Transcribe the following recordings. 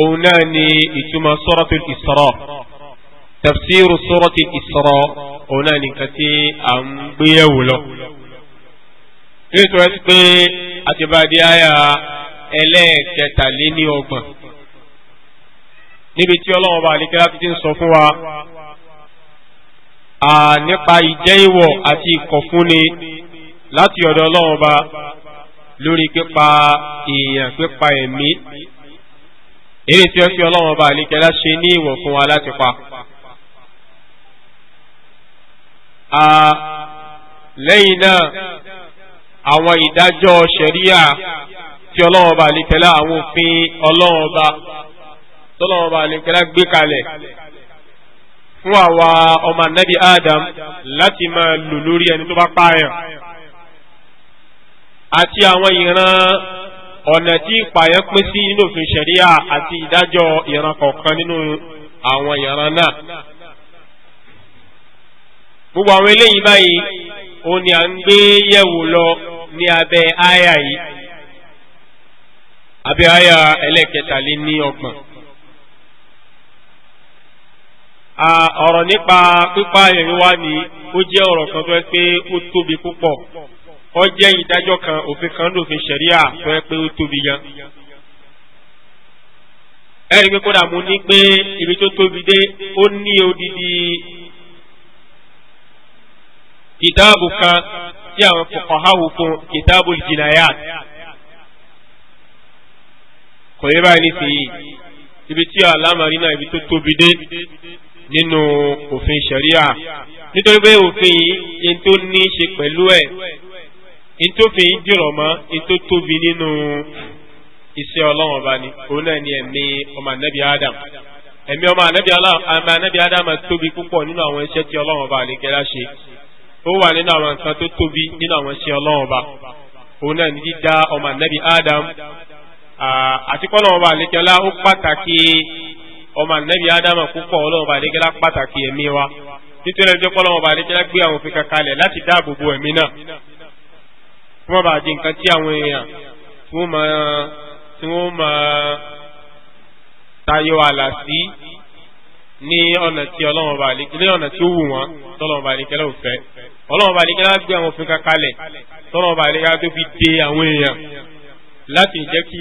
òun náà ni ìtumọ̀ suratul Isra tafsiru suratul Isra òun náà ni nǹkan tí à ń gbéyẹ̀wò lọ. nítorí wọ́n ti pé àtibáde àyà ẹlẹ́ẹ̀kẹtàléní ọgbọ̀n níbi tí ọlọ́run bá àlékẹ́lá ti ń sọ fún wa nípa ìjẹ́ ìwọ̀ àti ìkọ̀fúnni láti ọ̀dọ̀ ọlọ́run bá lórí pípa èèyàn pípa ẹ̀mí eré tí ó fi ọlọ́wọ́n bá àlékẹ́lá ṣe ní ìwọ̀ fún wa láti pa. lẹ́yìn náà àwọn ìdájọ́ ṣẹ̀ríà tí ọlọ́wọ́n bá àlékẹ́lá àwọn òfin ọlọ́wọ́n bá tọ́lọ́wọ́n bá àlékẹ́lá gbé kalẹ̀ fún àwa ọmọ anabi Adam láti máa lò lórí ẹni tó bá pààyàn àti àwọn ìran. ọ̀nà tí ìpààyàn pín sí inú òfin ṣẹ̀ríà àti ìdájọ́ ìran kọ̀ọ̀kan nínú àwọn ìran náà gbogbo àwọn eléyìí báyìí ó ní à ń gbé yẹ̀wò lọ ní abẹ́ àyà yìí abẹ́ àyà ẹlẹ́kẹtàléní A ọ̀rọ̀ nípa pípa ìrìn wa ni ó jẹ́ ọ̀rọ̀ kan tó ẹ pé ó tóbi púpọ̀ ó jẹ́ ìdájọ́ kan òfin kan lófin ṣẹ̀ríà tó yẹ pé ó tóbi yan. ẹ rí i pé kódà mo ní pé ibi tó tóbi dé ó ní odidi kìtáàbù kan tí àwọn fuqahawu fún kìtáàbù jinayat kò yẹ báyìí nísìnyí ibi tí àlámàrí náà ibi tó tóbi dé nínú òfin ṣẹ̀ríà nítorí pé òfin yìí yẹn tó ní í ṣe pẹ̀lú ẹ̀ ntòfin dìrọ̀ mọ́ ntò tóbi nínú iṣẹ́ ọlọ́run ọba ni òun náà ni ẹ̀mí ọmọ anabi adam ẹ̀mí ọmọ anabi adam tóbi púpọ̀ nínú àwọn iṣẹ́ tí ọlọ́run ọba àlekẹ́lá ṣe ó wà nínú àwọn nǹkan tó tóbi nínú àwọn iṣẹ́ ọlọ́run ọba òun náà ni dídá ọmọ anabi adam àti kọ́lọ́run ọba àlekẹ́lá ó pàtàkì ọmọ anabi adam púpọ̀ ọlọ́run ọba àlekẹ́lá pàtàkì ẹ̀mí wa nítorí ẹjọ́ kọ́lọ́run ọba àlekẹ́lá gbé àwọn òfin kankalẹ̀ láti dáàbò bo ẹ̀mí náà kó má bàa di nǹkan tí àwọn èèyàn tí wọ́n máa tí wọ́n máa tayọ àlà sí ní ọ̀nà tí ọlọ́run ọba àlekẹ́ ní ọ̀nà tí ó wù wọ́n tọ́lọ́run ọba àlekẹ́ lọ́wọ́ fẹ́ ọlọ́run ọba àlekẹ́ láti gbé àwọn òfin kankalẹ̀ tọ́lọ́run ọba àlekẹ́ tó fi de àwọn èèyàn láti jẹ́ kí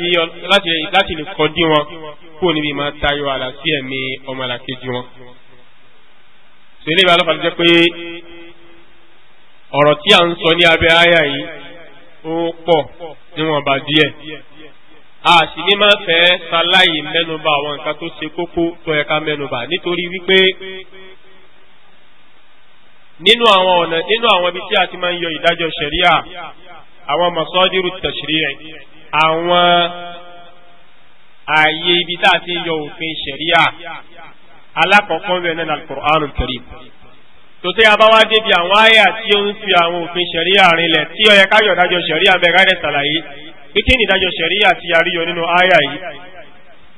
láti láti lè kọjú wọn kúrò níbi máa tayọ àlà sí ẹ̀mí ọmọ àlàkejì wọn. sèlè ìbálòpàá ti jẹ́ pé ọ̀rọ̀ tí à ń sọ ní abẹ́ àyà yìí ó pọ̀ níwọ̀nba díẹ̀ a sì ní máa fẹ́ ṣaláyì mẹ́nuba àwọn nǹkan tó ṣe kókó tó yẹ ká mẹ́nuba nítorí wípé nínú àwọn ọ̀nà nínú àwọn ibi tí a ti máa ń yọ ìdájọ́ ṣẹ̀ríà àwọn masadiru tashri'i àwọn ààyè ibi tá a ti yọ òfin ṣẹ̀ríà alákọ̀ọ́kọ́ ń bẹ náà al-Qur'anul Karim tòtí abáwá débi àwọn àyà tí ó ń fi àwọn òfin ṣẹ̀ríà rinlẹ̀ tí ó yẹ káyọ̀ dájọ́ ṣẹ̀ríà bẹ̀rẹ̀ rẹ̀ ṣàlàyé kíkí ní ìdájọ́ ṣẹ̀ríà ti àríyọ nínú àyà yìí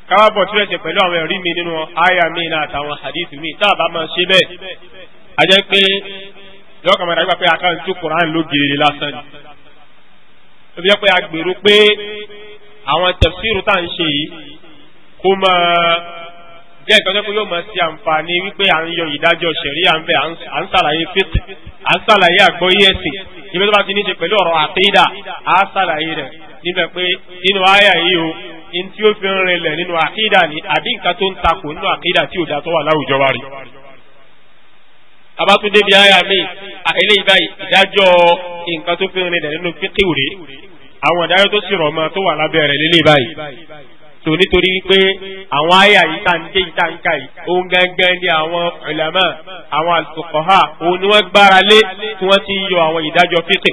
káwábọ̀ tí rẹ̀ṣẹ̀ pẹ̀lú àwọn ẹ̀rí mi nínú àyà mi náà àtàwọn hadith mi tá a bá máa ṣe bẹ́ẹ̀ a jẹ́ pé lọ́kàn a gbèrú pé àwọn tafsiru tá à ń ṣe jẹ́ nǹkan tó kó yóò máa ṣe àǹfààní wípé à ń yọ ìdájọ́ ṣẹ̀rí à ń bẹ̀ à ń ṣàlàyé fit à ń ṣàlàyé àgbọ́yé ẹ̀sìn ibi tó bá ti ní ṣe pẹ̀lú ọ̀rọ̀ àkídà à ń ṣàlàyé rẹ̀ níbẹ̀ pé nínú àyà yìí o in tí ó fi ń rinlẹ̀ nínú àkídà ni àbí nǹkan tó ń takò nínú àkídà tí ò tó wà láwùjọ wa rí. abatunde bi àyà mi eléyìí báyìí ìdájọ́ nǹkan tó fi ń rinlẹ̀ nínú fíkìwé àwọn ìdájọ́ tó sì rọ̀ mọ́ tó wà lábẹ́ rẹ̀ lélẹ́ báyìí so nítorí wípé àwọn àyà yìí tá ń dé yìí tá ń ka yìí òun gángan ni àwọn ulama àwọn al-fuqaha òun ni wọ́n gbára lé tí wọ́n ti ń yọ àwọn ìdájọ́ fíkì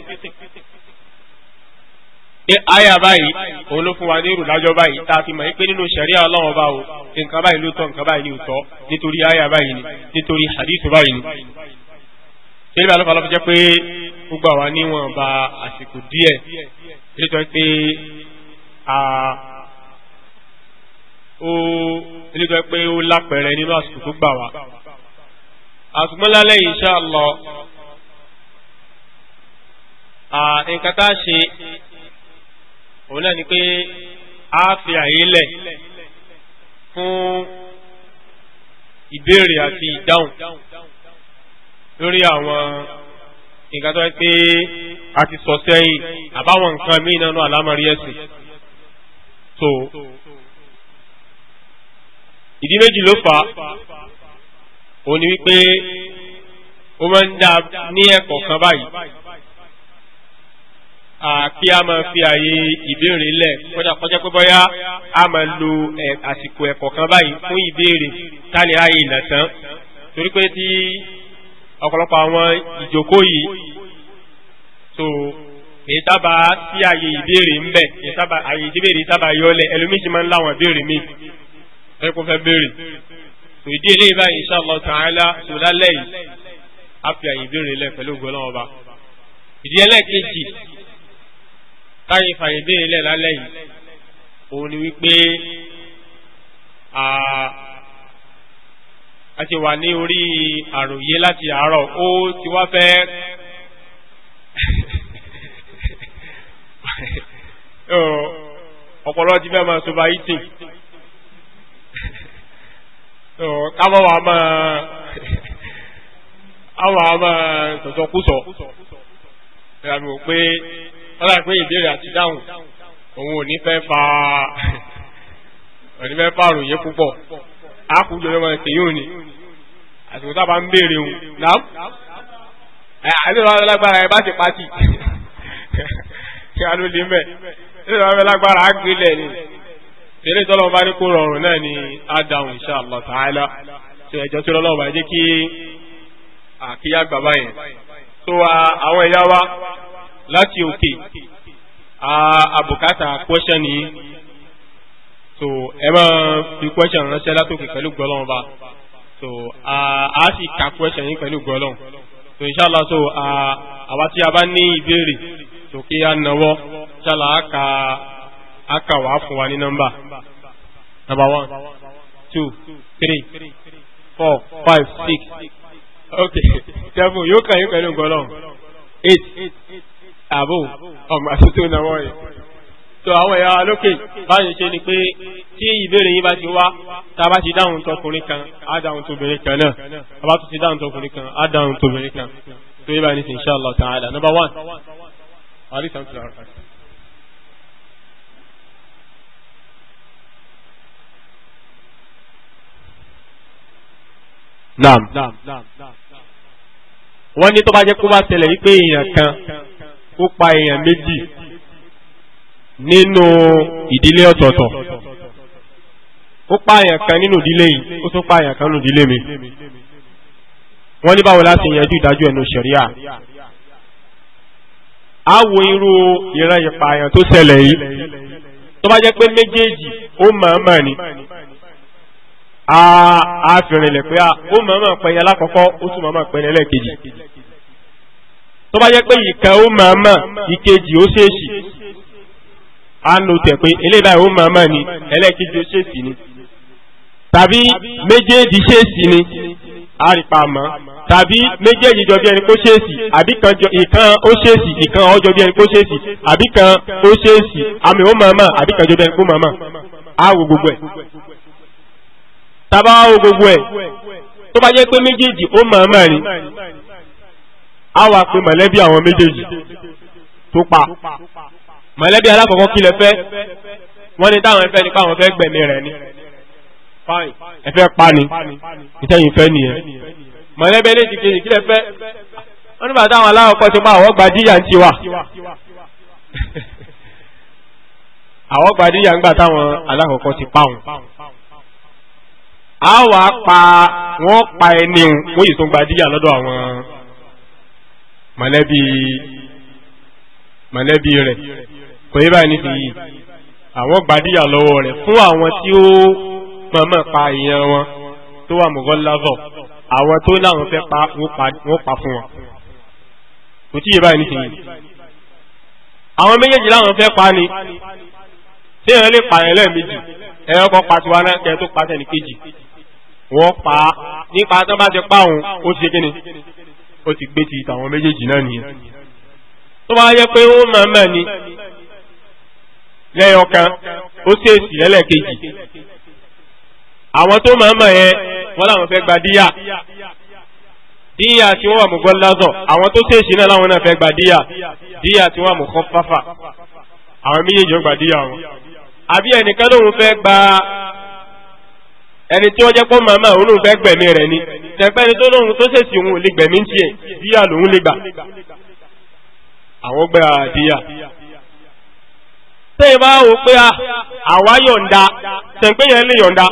aya báyìí òun ló fún wa ní ìrùlájọ báyìí tá a fi mọ̀ pé nínú ṣẹ̀ríà ọlọ́run bá o nǹkan báyìí ló tọ́ nǹkan báyìí ní òótọ́ nítorí aya báyìí ni nítorí hadithu báyìí ni. ṣẹlẹ̀ àlọ́fà lọ́fà jẹ́ pé gbogbo àwa ó nígbà pé ó lápẹẹrẹ nínú àsìkò tó gbà wá àtúmọ́lálẹ́ insha Allah nǹkan tá a ṣe òun náà ni pé a fi àyè lẹ̀ fún ìbéèrè àti ìdáhùn lórí àwọn nǹkan tó wáyé pé a ti sọ sẹ́yìn àbáwọn nǹkan míì nánú àlámọ̀rí ẹ̀sìn so ìdí méjì ló fà á òun ni wípé ó máa ń dá ní ẹ̀kọ́ kan báyìí kí a máa fi àyè ìbéèrè lẹ̀ kọjá kọjá pé bóyá a máa lo àsìkò ẹ̀kọ́ kan báyìí fún ìbéèrè tálẹ ààyè ìlàtàn torí pé tí ọ̀pọ̀lọpọ̀ àwọn ìjókòó yìí tó èyí sábà sí àyè ìbéèrè ń bẹ àyè ìbéèrè sábà yọlẹ̀ ẹlòmíì sì máa ń láwọn ìbéèrè míì ẹ kó fẹ́ béèrè tó ìdí ilé báyìí insha Allah ta'ala tó lálẹ́ yìí á fi àyè ìbéèrè lẹ̀ pẹ̀lú ògbọ́nà ọba ìdí ẹlẹ́ẹ̀kejì táyì fàyè béèrè lẹ̀ lálẹ́ yìí òun ni wípé a ti wà ní orí àròyé láti àárọ̀ ó ti wá fẹ́ oh, ọ̀pọ̀lọ́ ti fẹ́ máa soba eating so káwọn wà máa àwọn àmà sọ̀sọ̀kúsọ̀ ìrànwò pé wọ́n pé ìbéèrè àti dáhùn òun ò fẹ́ fa òní fẹ́ fààrò yé púpọ̀ àkójọ lọ́wọ́ ẹ̀sẹ̀ yóò ní àsìkò tá a ń béèrè òun náà eré tọ́lọ́ bá ní kó rọrùn náà ni á dáhùn insha Allah ta'ala ṣe ẹ̀jọ́ tí ọlọ́wọ́ bá jẹ́ kí àkíyá gbàgbá yẹn tó àwọn ẹ̀yà wa láti òkè àbùkátà question yìí so ẹ máa fi question ránṣẹ́ látòkè pẹ̀lú gbọ́lọ́wọ́ bá so a sì ka question yìí pẹ̀lú gbọ́lọ́wọ́ so insha Allah so fún wa ní nọ́mbà number one two three four five six okay seven yóò kàn yóò kàn ní nǹkan náà eight àbò ọmọ àtúntò náà wọ̀nyí so àwọn ẹ̀yà lókè báyìí ṣe ni pé tí ìbéèrè yín bá ti wá tá a bá ti dáhùn tọkùnrin kan á dáhùn tóbìnrin kan náà a bá tún ti dáhùn tọkùnrin kan á dáhùn tóbìnrin kan tó yẹ báyìí ní sìn insha Allah ta'ala number one. naam wọ́n ní tó bá jẹ́ kó bá tẹ̀lẹ̀ wípé èèyàn kan ó pa èèyàn méjì nínú ìdílé ọ̀tọ̀ọ̀tọ̀ ó pa èèyàn kan nínú ìdílé yìí ó tún pa èèyàn kan nínú ìdílé mi wọ́n ní báwo láti yanjú ìdájọ́ ẹnu ṣẹ̀ríà á wo irú ìran ìpààyàn tó ṣẹlẹ̀ yìí tó bá jẹ́ pé méjèèjì ó mọ̀ọ́mọ̀ ni a fi rinlẹ̀ pé ó màmá pẹ̀yẹ alákọ̀ọ́kọ́ ó tún màmá pẹ̀yẹ lẹ́ẹ̀kejì tó bá jẹ́ pé ìkan ó màmá ìkejì ó ṣèèṣì á nù tẹ̀ pé eléyìí ó màmá ni ẹlẹ́ẹ̀kejì ó ṣèèṣì ni tàbí méjèèjì ṣèèṣì ni á rí pa mọ́ tàbí méjèèjì jọ bí ẹni kó ṣèèṣì àbí kan ìkan ó ṣèèṣì ìkan ó jọ bí ẹni kó ṣèèṣì àbí kan ó ṣèèṣì àmì ó màmá àbí kan jọ bí ẹni kó màmá á wo gbogbo ẹ̀ tàbá o gbogbo ẹ̀ tó bá jẹ́ pé méjèèjì ó mọ̀ọ́mọ̀ ni á wà pé mọ̀lẹ́bí àwọn méjèèjì tó pa mọ̀lẹ́bí alákọ̀ọ́kọ́ kí lẹ fẹ́ wọ́n ní táwọn ẹfẹ́ ni káwọn fẹ́ gbẹ̀mí rẹ̀ ni ẹfẹ́ pa ni ìtẹ́yìn fẹ́ nìyẹn mọ̀lẹ́bí eléjì kejì kí lẹ fẹ́ ní bàtà àwọn aláwọ̀kọ́ tó pa àwọn gba díyà ń tiwa àwọn gba díyà ń gbà táwọn alákọ̀ọ́kọ́ ti pa wọn a wà pa wọ́n pa ẹni wọ́n yìí tó ń gba díyà lọ́dọ̀ àwọn mọ̀lẹ́bí mọ̀lẹ́bí rẹ̀ kò yẹ báyìí nídìí yìí àwọn gba díyà lọ́wọ́ rẹ̀ fún àwọn tí ó mọ̀ọ́mọ̀ pa èèyàn wọn tó wà mọ̀gọ́ lọ́vọ̀ àwọn tó láwọn fẹ́ pa wọ́n pa fún wọn kò tí yẹ báyìí nídìí yìí àwọn méjèèjì láwọn fẹ́ pa ni tí èèyàn lè pààyàn lẹ́ẹ̀mejì ẹ̀rọ kan pa tiwa náà kẹ́ẹ̀ tó pa sẹ́ni kejì wọ́n pa á nípa tán bá ti pa òun ó ti ṣe kíni ó ti gbé ti tàwọn méjèèjì náà nìyẹn tó bá yẹ pé ó mọ̀ mọ̀ ni lẹ́yọ kan ó sì èsì lẹ́lẹ́kejì àwọn tó mọ̀ mọ̀ yẹn wọ́n làwọn fẹ́ gba díyà díyà tí wọ́n wà mú gọ́lázọ̀ àwọn tó ṣèṣì náà láwọn náà fẹ́ gba díyà díyà tí wọ́n wà mú kọ́ fáfà àwọn méjèèjì ó gba díyà wọn àbí ẹnìkan lóun fẹ́ gba ẹni tí wọ́n jẹ́ pọ́ màmá òun lóun fẹ́ gbẹ̀mí rẹ̀ ni tẹ̀pẹ́ ẹni tó lóun tó ṣèṣì òun lè gbẹ̀mí tiẹ̀ díyà lòun lè gbà àwọn gbà díyà. tẹ́yìn bá wò pé ah, àwa yọ̀ǹda tẹ̀pẹ́ yẹn lè yọ̀ǹda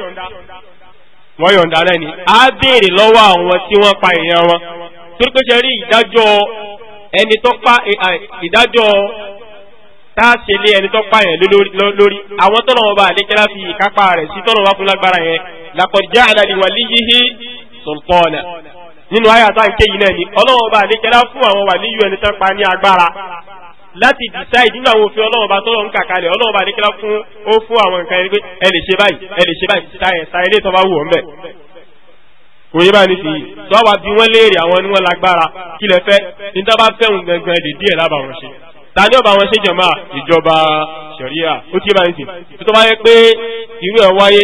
wọ́n yọ̀ǹda náà ni á béèrè lọ́wọ́ àwọn tí wọ́n pa èèyàn wọn torí pé ṣe rí ìdájọ́ ẹni tó pa ìdájọ́ tá a ṣe lé ẹni tó pààyàn lórí àwọn tọ́nà wọn bá àlékẹ́lá fi ìkápá rẹ̀ sí tọ́nà wọn fún lágbára yẹn laqad ja'ala li waliyyihi nínú àyà tá à náà ni ọlọ́wọ́n bá àlékẹ́lá fún àwọn wàlíyù ẹni tó pa ní agbára láti decide nínú àwọn òfin ọlọ́wọ́n bá tọ́lọ́ ń kà kalẹ̀ ọlọ́wọ́n bá àlékẹ́lá fún ó fún àwọn nǹkan ẹni pé ẹ lè ṣe báyìí ẹ lè ṣe báyìí sáyẹn sáyẹn lè tọ́ bá wù ọ́ mbẹ́ òye bá ní fìyí sọ wá bí wọ́n léèrè àwọn ni wọ́n lágbára kí lẹ fẹ́ ní tá bá fẹ́ òun gangan lè díẹ̀ lábàwọn ṣe ta ní ọba àwọn ṣèjọba ìjọba ṣẹ̀ríà ó ti máa ń sìn tó bá yẹ pé irú ẹ̀ wáyé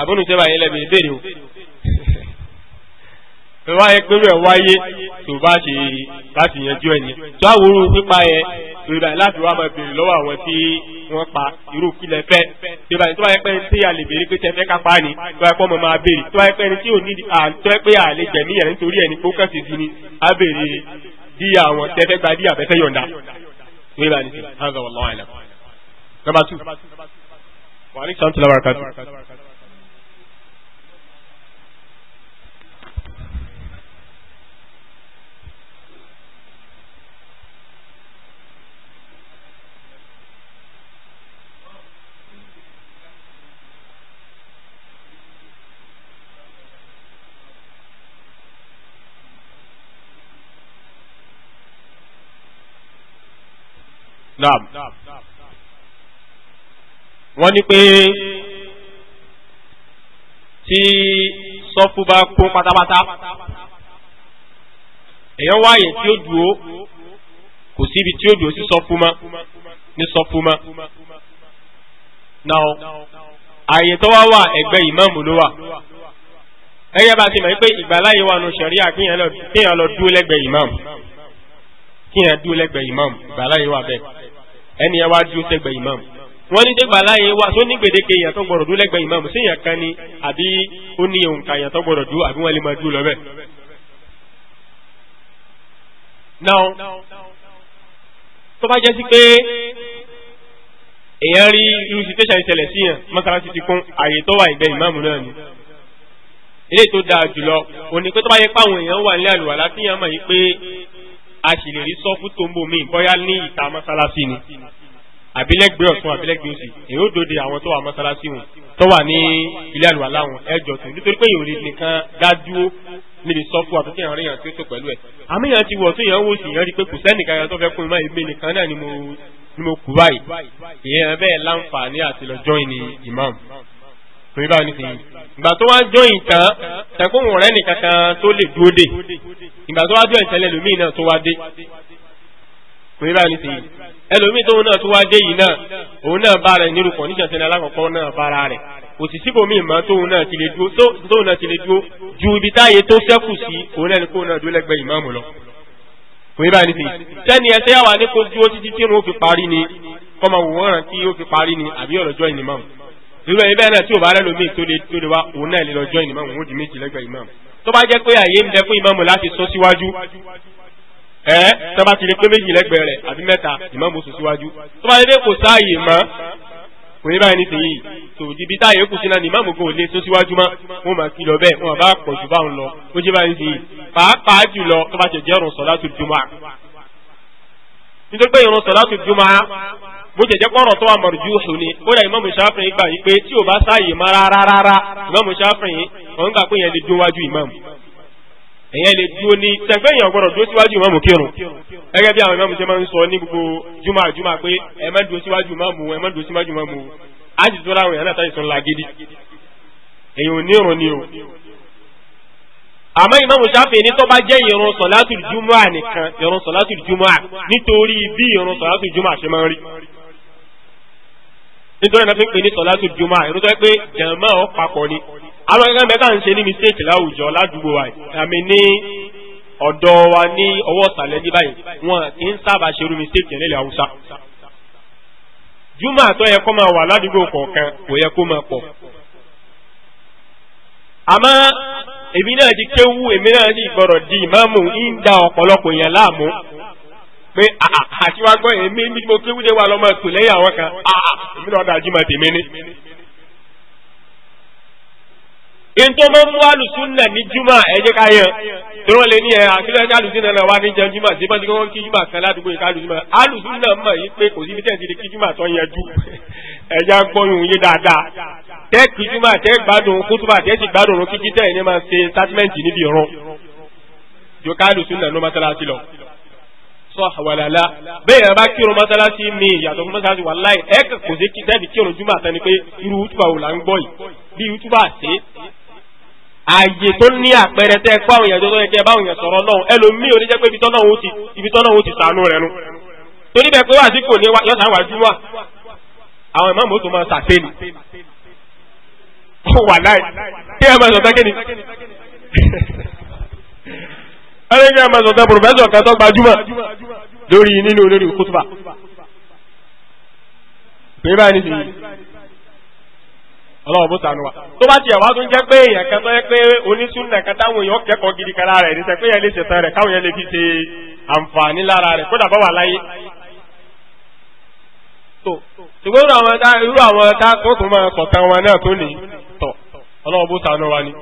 àbúrò ìṣẹ́bà yẹn lẹ́bi ìbéèrè o tó bá yẹ pé irú ẹ̀ wáyé tó bá ṣe bá ti yanjú ẹ̀ ni tó àwòrán pípa yẹn tó ibà láti wá máa béèrè lọ́wọ́ àwọn tí wọ́n pa irú kílẹ̀ fẹ́ tó ibà tó bá yẹ pé tí a lè béèrè pé tẹ fẹ́ kápá ni tó yẹ pé ọmọ máa béèrè tó yẹ pé ẹni tí ò ní díyà àwọn tẹ́fẹ́ gba díyà fẹ́fẹ́ yọ̀ǹda wíwá ní sè hansa wàllu àìlẹ. lọ́wọ́ àkàtú. naam wọ́n ní pé tí sọ́fù bá kó pátápátá èèyàn wáyé tí ó dúró kò síbi tí ó dúró sí sọ́fù mọ́ ní sọ́fù mọ́ náà ààyè tó wá wà ẹ̀gbẹ́ ìmáàmù ló wà ẹ̀yẹ́ bá ti mọ̀ pé ìgbàláyé wà nù ṣẹ̀ríà kíyàn lọ dúró lẹ́gbẹ̀ẹ́ ìmáàmù kíyàn dúró lẹ́gbẹ̀ẹ́ ìmáàmù ìgbàláyé wà bẹ́ẹ̀ ẹni ẹ wá dúró sẹ́gbẹ̀ẹ́ ìmáàmù wọ́n ní dégbà láyé wa tó ní gbèdéke èèyàn tó gbọ́dọ̀ dúró lẹ́gbẹ̀ẹ́ ìmáàmù sí èèyàn kan ni àbí ó ní òǹkà èèyàn tó gbọ́dọ̀ dúró àbí wọ́n lè máa dúró lọ bẹ́ẹ̀. now tó bá jẹ́ sí pé èèyàn rí irú situation ìṣẹ̀lẹ̀ sí yàn mọ́sálásí ti kún àyè tó wà ìgbẹ́ ìmáàmù náà ni ilé tó dáa jùlọ òní pé tó bá yẹ pé àwọn èèyàn wà nílẹ̀ àlùwàlá a sì lè rí sọ́fù tó ń bò mí bóyá ní ìta mọ́sálásí ni àbílẹ́gbẹ́ ọ̀tún àbílẹ́gbẹ́ òsì èyí ó dòde àwọn tó wà mọ́sálásí wọn tó wà ní ilé àlùwà láwọn ẹjọ́ tó nítorí pé ìròyìn nìkan dádúró níbi sọ́fù àtúntò ìrìn àti tó pẹ̀lú ẹ̀ àmìyàn ti wọ̀ tó yẹn wò sí yẹn rí pé kò sẹ́nìkan yẹn tó fẹ́ kún mi máa èmi nìkan náà ni mo kú báyìí ìyẹn bẹ́ẹ̀ láǹfààní àti lọ́jọ́ ìní ìmáàmù kò ibà ní sèyí ìgbà tó wá jọ ìtàn tẹkùnrùn rẹ nìkan kan tó lè dúró dé ìgbà tó wá jọ ìtàn ẹlòmíì náà tó wá dé kò ibà ní sèyí ẹlòmíì tóun náà tó wá dé yìí náà òun náà bá rẹ nírú kọ̀ọ̀níṣàn sẹ́ni alákọ̀ọ́kọ́ náà bára rẹ̀ òsìsíbò míì mọ́ tóun náà ti lè dúró ju ibi táyé tó sẹ́kù sí òun náà ni kóun náà dúró lẹ́gbẹ̀ẹ́ ìmáàmù lọ kò báyìí nìsín sẹ́ni ẹsẹ̀ wà ní kó dúró títí tí irun ó fi parí ni kọ́mọ wòran tí ó fi parí ni àbí ọ̀rọ̀ jọ ìnìmọ̀ irú ẹni bẹ́ẹ̀ náà tí ò bá rẹ́ lómi tó lè tó lè wá òun náà lè lọ jọ ìnìmọ̀ òun ó di méjì lẹ́gbẹ̀ẹ́ imam tó bá jẹ́ pé àyè ń bẹ fún imam láti sọ síwájú ẹ tó bá ti lè pé méjì lẹ́gbẹ̀ẹ́ rẹ̀ àbí mẹ́ta imam ó sọ síwájú tó bá yẹ kó sáàyè mọ́ kò ní báyìí nísìnyí tó ibi táyé kù sí náà ni imam kò lè sọ síwájú mọ́ wọn máa kí lọ bẹ́ẹ̀ wọn bá pọ̀ jù báwọn lọ ó jẹ́ báyìí nísìnyí pàápàá jùlọ tó bá jẹ jẹ́ ìrun sọ̀látù jùmọ̀ nítorí pé ìrun sọ̀látù jùmọ̀ bó jẹjẹ kọrọ tó wà marjuhu ni ó dà Imam Shafi'i gbà yìí pé tí o bá sáàyè má rárá rárá Imam Shafi'i òun gbà pé yẹn lè dúró wájú ìmáàmù èyàn lè dúró ní tẹgbẹyìn ọgbọ́dọ̀ dúró síwájú ìmáàmù kírun gẹ́gẹ́ bí àwọn ìmáàmù ṣe máa ń sọ ní gbogbo jùmọ àjùmọ pé ẹ má dúró síwájú ìmáàmù ẹ má dúró síwájú ìmáàmù á sì tó láwọn èèyàn náà táyì ni o àmọ́ ìmáàmù Ṣáfi'í ní tó bá jẹ́ ìrun sọ̀látùl jùmọ̀ nìkan ìrun sọ̀látùl jùmọ̀ nítorí bí ìrun sọ̀látùl jùmọ̀ ṣe nítorí náà fi ń pè ní sọlá tó jùmọ̀ àìrútọ pé jẹmọ ọ papọ̀ ni àwọn akẹ́kọ̀ọ́ mẹ́ta ń ṣe ní mistake láwùjọ ládùúgbò wa àmì ní ọ̀dọ̀ wa ní ọwọ́ ìsàlẹ̀ ní báyìí wọn kì í sábà ṣerú mistake nílẹ̀ haúsá jùmọ̀ àtọ yẹ kó máa wà ládùúgbò kọ̀ọ̀kan kò yẹ kó máa pọ̀ àmọ́ èmi náà ti kéwú èmi náà ti gbọ́dọ̀ di ìmáàmù ń da ọ̀pọ̀lọpọ̀ yẹn pé ah, ah, àti wá gbọ́ èmi ní mo kéwú dé wa lọ́mọ ètò lẹ́yìn àwọn kan ah, èmi náà dájú máa tèmi ní. ìtọ́mọ́ mú alùsùnà ní júmọ̀ ẹ̀jẹ̀ ká yàn tí wọ́n lè ní ẹ̀ eh, àfihàn ní alùsùnà náà wá ní jẹun júmọ̀ sí bọ́sí kí wọ́n kí júmọ̀ kan ládùúgbò ìka alùsùnà alùsùnà mọ̀ yìí pé kò sí tẹ̀sí kí júmọ̀ tó yanjú ẹ̀jẹ̀ agbọ́yún yé dáadáa tẹ́ kí júmọ̀ tẹ́ gbádùn kútùbà tẹ́ sì gbádùn kíkí tẹ́ ẹ̀ ní máa ṣe sátìmẹ́ǹtì níbi ìrún jòkálùsùnà ló máa tẹ́lá sí lọ sọ wàlálà bẹ́ẹ̀ yẹn bá kírun mọ́sálásí mi ìyàtọ̀ fún mọ́sálásí wà láì ẹ̀ kò sí kí tẹ́ẹ̀bì kírun júmọ̀ àtẹni pé irú wútúbà wò là ń gbọ́ yìí bí wútúbà ṣe ààyè tó ní àpẹẹrẹ tẹ́ kó àwọn èèyàn tó yẹ kẹ́ báwọn èèyàn sọ̀rọ̀ náà ẹlòmíì oníjẹ́ pé ibi tọ́nà òun ti sànú rẹ̀ nu torí bẹ́ẹ̀ pé wà sí kò ní yọ̀sán wà júmọ̀ àwọn ìmọ̀ mọ́tò máa sàfẹ́ ni wà láì kí ẹ máa sọ ẹlẹ́yìn àmà sọ̀tẹ́ pòròfẹ́sọ̀ kan tó gbajúmọ̀ lórí nínú olórí kútùbà pé báyìí nìyí ọlọ́wọ́ bó sànù wa tó bá tiẹ̀ wá tún jẹ́ pé èèyàn kan tó yẹ pé onísùnà kan táwọn èèyàn kẹ́kọ̀ọ́ gidi kan lára rẹ̀ níṣẹ́ pé yẹn lè ṣẹ̀tàn rẹ̀ káwọn yẹn lè fi ṣe àǹfààní lára rẹ̀ kódà bá wà láyé. tó ṣùgbọ́n irú àwọn tá irú àwọn tá tó tún máa kọ̀tàn wọn náà tó nìyí tọ̀ ọlọ́wọ́ bó ni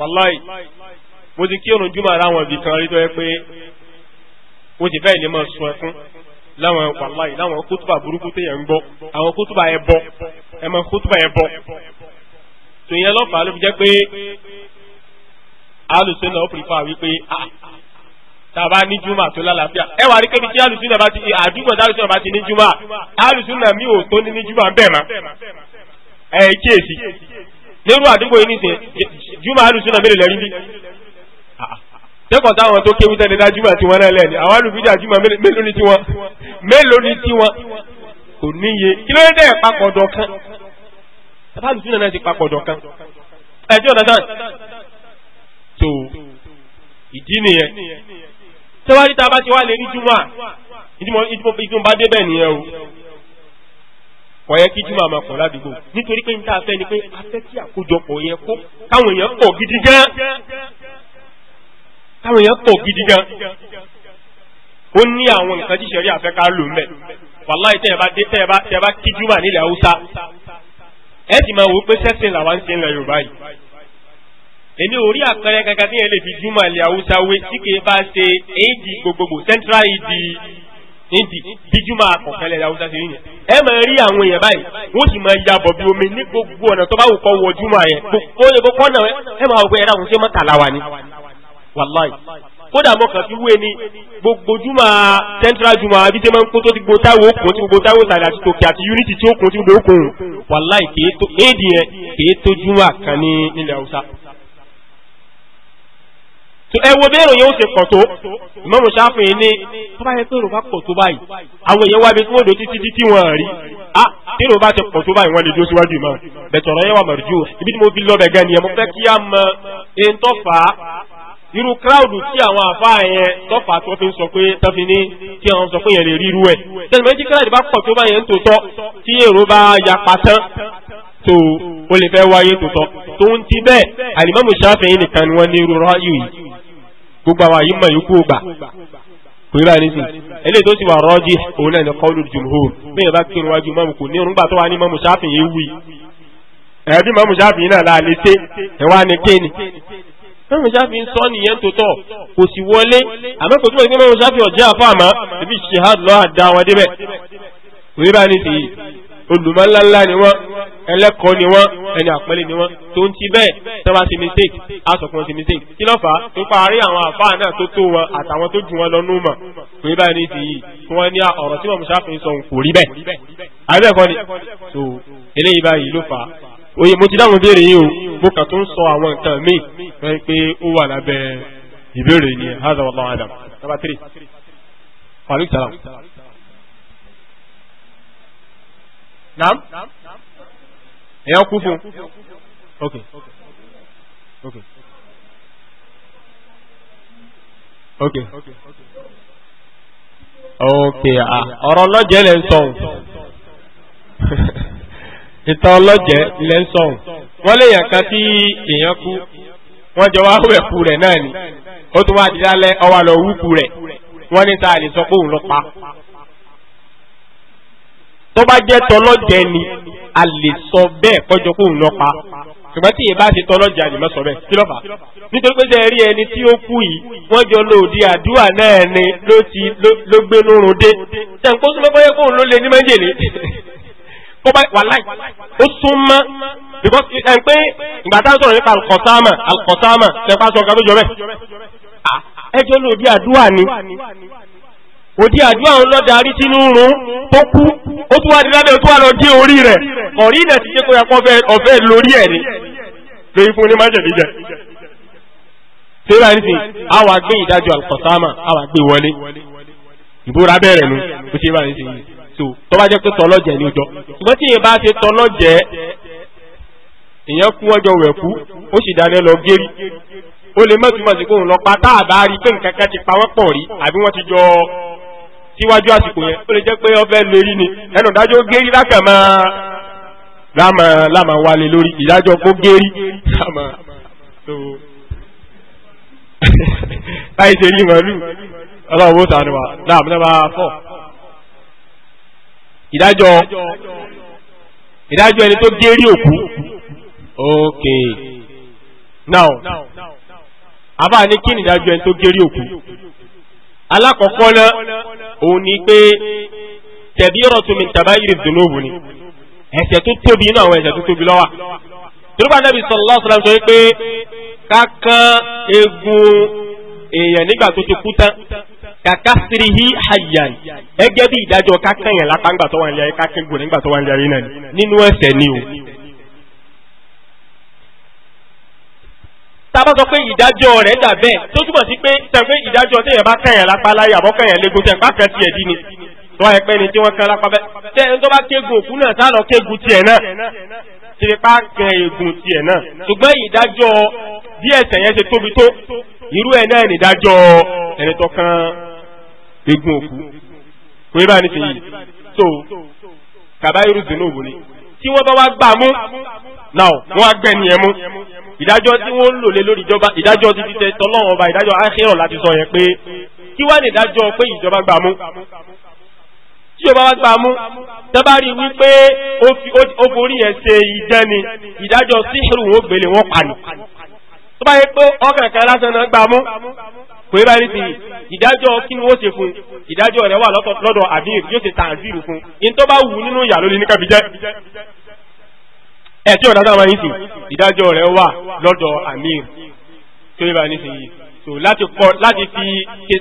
wàláì mo ti kírun júmọ̀ láwọn ibì kan rí tó yẹ pé ó ti fẹ́ ìlú mọ́ sọ ẹkún láwọn wàláì láwọn kótóbà burúkú téèyàn ń gbọ́ àwọn kótóbà ẹ bọ ẹ mọ kótóbà ẹ bọ tòyìn ọlọ́pàá ló fi jẹ́ pé alùsùn náà ó pèfà wípé ah, tàbá ní júmọ̀ tó lálàáfíà ẹ wà rí kébi tí alùsùn náà bá ti àdúgbò tí alùsùn náà bá ti ní júmọ̀ alùsùn náà mi ò tó ní ní júmọ̀ bẹ́ẹ̀ mọ́ ẹ kíyèsí nírú àdúgbò yìí nìsín júmọ̀ alùsùn náà mélòó lẹ́rí tẹ́kọ̀ọ́ táwọn tó kéwú tẹ́lẹ̀ dájúmọ̀ tí wọ́n náà lẹ́ni àwọn alùbídà jùmọ̀ mélòó ni tiwọn mélòó ni tiwọn kò níye kí ló dé papọ̀dọ̀ kan abáàlùsùn náà ti papọ̀dọ̀ kan ẹjọ́ dandan tó ìdí nìyẹn tẹ́wájú tá a bá ti wá lè rí jùmọ̀ ìdúmọ̀ bá dé bẹ́ẹ̀ nìyẹn o kò yẹ kí jùmọ̀ àmọ́ pọ̀ ládùúgbò nítorí pé n ta fẹ́ ni pé afẹ́ kí àkójọpọ̀ yẹn kó káwọn èèyàn pọ̀ gidi gan táwọn èèyàn pọ̀ gidi gan ó ní àwọn nǹkan tí sẹ̀rí àfẹ́ká lò ń bẹ̀ wàláì tẹ́ ẹ bá dé tẹ́ ẹ bá tẹ́ ẹ bá kí júmọ̀ nílẹ̀ haúsá ẹ sì máa wò pé sẹ́sìn làwọn ń ṣe ń lọ yorùbá yìí èmi ò rí àpẹẹrẹ kankan tí yẹn lè fi júmọ̀ ilẹ̀ haúsá wé tí kì í bá ṣe éèdì gbogbogbò central éèdì níbi bíjúmọ̀ àkọ̀kẹ́lẹ̀ haúsá ṣe yìí ẹ máa rí àwọn èèyàn báyìí wọ́n sì máa ya bọ̀ bí omi ní gbogbo ọ̀nà tó bá wù kọ́ wọ júmọ̀ yẹn kó lè kó kọ́nà ẹ máa wọ pé ẹ wàláì kódà mo kàn fi wé ni gbogbo júmọ̀ central júmọ̀ abídé máa ń kó tó ti gbogbo táwọn okùn tí gbogbo táwọn sàrẹ̀ àti tòkè àti unity tí okùn tí gbogbo okùn wàláì kèé tó éèdì yẹn kèé tó júmọ̀ kan ní ilẹ̀ haúsá. tó ẹ wo bẹ́ẹ̀rù yẹn ó ṣe pọ̀ tó ìmọ̀mù ṣáfìn ní tó bá yẹ pé rò pọ̀ tó báyìí àwọn èèyàn wá bí tí wọ́n dò títí títí wọn rí a ah, tí rò bá ti pọ̀ tó báyìí wọ́n lè dúró síwájú ìmọ̀ bẹ̀tọ̀rọ̀ yẹn wà mọ̀rùjú ibi tí mo fi lọ bẹ̀ gan ni ẹ̀ mo fẹ́ kí á mọ ẹni tó fà á irú kíráùdù tí àwọn àfáà yẹn tọ́fà tó fi ń sọ pé tọ́fi ní kí àwọn sọ pé yẹn lè rí irú ẹ̀ tẹ́lẹ̀ méjì kíráùdù bá pọ̀ tó bá yẹn ń tòótọ́ tí èrò bá yapa tán tó o lè fẹ́ wáyé tòótọ́ tó ń ti bẹ́ẹ̀ àlìmọ́mù Ṣáfi'í nìkan ni wọ́n ní irú rọ́ yìí gbogbo àwọn àyè mọ̀ yòókù gbà kò rí báyìí nísìn eléyìí tó ti wà rọ́jì òun náà ni kéènì mẹ́rin sáfì ń sọ nìyẹn tó tọ̀ kò sì wọlé àmọ́ kò túbọ̀ sí pé mẹ́rin sáfì ọ̀jẹ́ àfọ́ àmọ́ ibi ṣihad lọ́wọ́ àdá wọn débẹ̀ òye bá ní sí i olùmọ̀ ńláńlá ni wọ́n ẹlẹ́kọ̀ọ́ ni wọ́n ẹni àpẹẹlẹ ni wọ́n tó ń ti bẹ́ẹ̀ tẹ́wá sí mistake asọ̀kan sí mistake kí ló fà á ń parí àwọn àfáà náà tó tó wọn àtàwọn tó jù wọn lọ númọ̀ òye bá ní sí i kí wọ́n ní ọ̀rọ̀ tí mọ̀mùsáfì ń sọ kò rí bẹ́ẹ̀ àbẹ́ẹ̀kọ́ ni so eléyìí báyìí ló fà á oye mo ti dáhùn béèrè yín o mo kàn tó ń sọ àwọn nǹkan míì wọ́n pé ó wà lábẹ́ ìbéèrè ni haza wallahu adam number three farouk salam. naam ẹ̀yàn kú fún ok ok ok ok ọ̀rọ̀ lọ́jẹ̀ lẹ́ ń sọ̀hún. ìtàn ọlọ́jẹ́ ilẹ̀ ń sọ̀hún wọ́n lè yàn kan tí èèyàn kú wọ́n jọ wá wẹ̀ kú rẹ̀ náà ni ó tún wá di lálẹ́ ọwọ́ lọ wú kú rẹ̀ wọ́n ní ta lè sọ pé òun lọ pa. tó bá jẹ́ tọlọ́jẹ́ ni a lè sọ bẹ́ẹ̀ kọjọ pé òun lọ pa ṣùgbọ́n tí ìbá ti tọlọ́jẹ́ a sọ bẹ́ẹ̀ kí ló fà á. nítorí pé sẹ́ẹ̀ rí ẹni tí ó kú yìí wọ́n jọ lòdì àdúrà náà ni ló gbé lórun dé. tẹ̀ ń kó sọ́lọ́ bọ́yẹ́ kóun ló lé ní tó bá wà láì ó súnmọ́ because ẹ̀ ń pé ìgbà táwọn sọ̀rọ̀ nípa alkọ̀sáàmà alkọ̀sáàmà lẹ́pà sọ nǹkan tó jọ bẹ́ẹ̀ ẹjọ́ ló di àdúrà ni òdi àdúrà ń lọ́dà rí sínú rún tó kú ó tún wá di lábẹ́ tó wà lọ dé orí rẹ̀ kọ̀rí ilẹ̀ ti jẹ́ kó yẹ kó ọ̀fẹ́ lórí ẹ̀ ni lórí fún onímọ̀jẹ̀dí jẹ tẹ́lá ní sìn àwa gbé ìdájọ́ alkọ̀sáàmà àwa gbé wọlé ìbúra bẹ̀rẹ̀ nu ó ṣe bá ní sìn yìí so tó bá jẹ́ pé tọ́lọ́jẹ̀ ni ó jọ ṣùgbọ́n tí èèyàn bá ṣe tọ́lọ́jẹ̀ èèyàn kú ọjọ́ rẹ̀ kú ó sì dáná lọ gérí ó lè mọ̀ túmọ̀ sí kó ń lọ pa tá a bá rí pé nǹkan kan ti pa wọ́n pọ̀ rí àbí wọ́n ti jọ síwájú àsìkò yẹn ó lè jẹ́ pé ọbẹ̀ lérí ni ẹnu ìdájọ́ gérí lákàn máa láàmà láàmà wálé lórí ìdájọ́ kó gérí láàmà tó láì ṣe rí màálù ọlọ́run ó sànù wa láàmú náà bá fọ́ ìdájọ́ ìdájọ́ ẹni tó gérí òkú ok now àbá ní kí ni ìdájọ́ ẹni tó gérí òkú alákọ̀ọ́kọ́ náà òun ni pé kabiratu min kabairi dhunubu ni ẹ̀ṣẹ̀ tó tóbi inú àwọn ẹ̀ṣẹ̀ tó tóbi lọ́wà torípa Ànábì sallallahu alaihi wasallam sọ wípé ká kán egun èèyàn nígbà tó ti kú tán kakasirihi hayan ẹgẹ bí ìdájọ́ kakẹyìn lápá ńgbà tó wà nílẹ̀ ayé kakẹ gbòòrò ńgbà tó wà nílẹ̀ ayé náà nínú ẹ̀ṣẹ̀ ni o. tábà sọ pé ìdájọ́ rẹ̀ dà bẹ́ẹ̀ tó túbọ̀ sí pé sọ pé ìdájọ́ téèyàn bá kẹyìn lápá láyé àbọ̀ kẹyìn léegun tẹ̀ pàfẹ́ tiẹ̀ dín ni tó wáyé pé ni tí wọ́n kẹ́ lápá bẹ́ẹ̀ tẹ́ ẹni tó bá kégun òkú náà tá lọ kégun tiẹ̀ náà ti kẹ egun tiẹ̀ náà ṣùgbọ́n ìdájọ́ bí ẹ̀ṣẹ̀ yẹn ṣe tóbi tó irú ẹ̀ náà nìdájọ́ ẹni kan egun òkú kò yẹ báyìí nísìnyí so kàbáyìrú zinubu ni tí wọ́n bá wá gbà mú náà wọ́n wá gbẹ̀ nìyẹn mú ìdájọ́ tí wọ́n ń lò lé lórí ìjọba ìdájọ́ ti títẹ tọ́lọ́wọ́n ọba ìdájọ́ áhẹ́rọ̀ láti sọ yẹn pé kí wá ní ìdájọ́ pé ìjọba gbà mú tí o bá wá gbà mú tẹ́bárí wípé ó forí yẹn ṣe ìjẹ́ ni ìdájọ́ síhìrù wọn gbélé wọn pa ni tó bá yẹ pé ọkàn kan lásán náà gbà mú kò yẹ báyìí sí ìdájọ́ kí ni ó ṣe fún ìdájọ́ rẹ̀ wà lọ́dọ̀ àbíyèsí yóò ṣe tàǹzìrì fún ní tó bá wù nínú ìyà lórí níkàbí jẹ́ ẹ̀ tí ọ̀dá sábà yìí sí ìdájọ́ rẹ̀ wà lọ́dọ̀ àmír tó yẹ báyìí sí yìí so láti kọ láti fi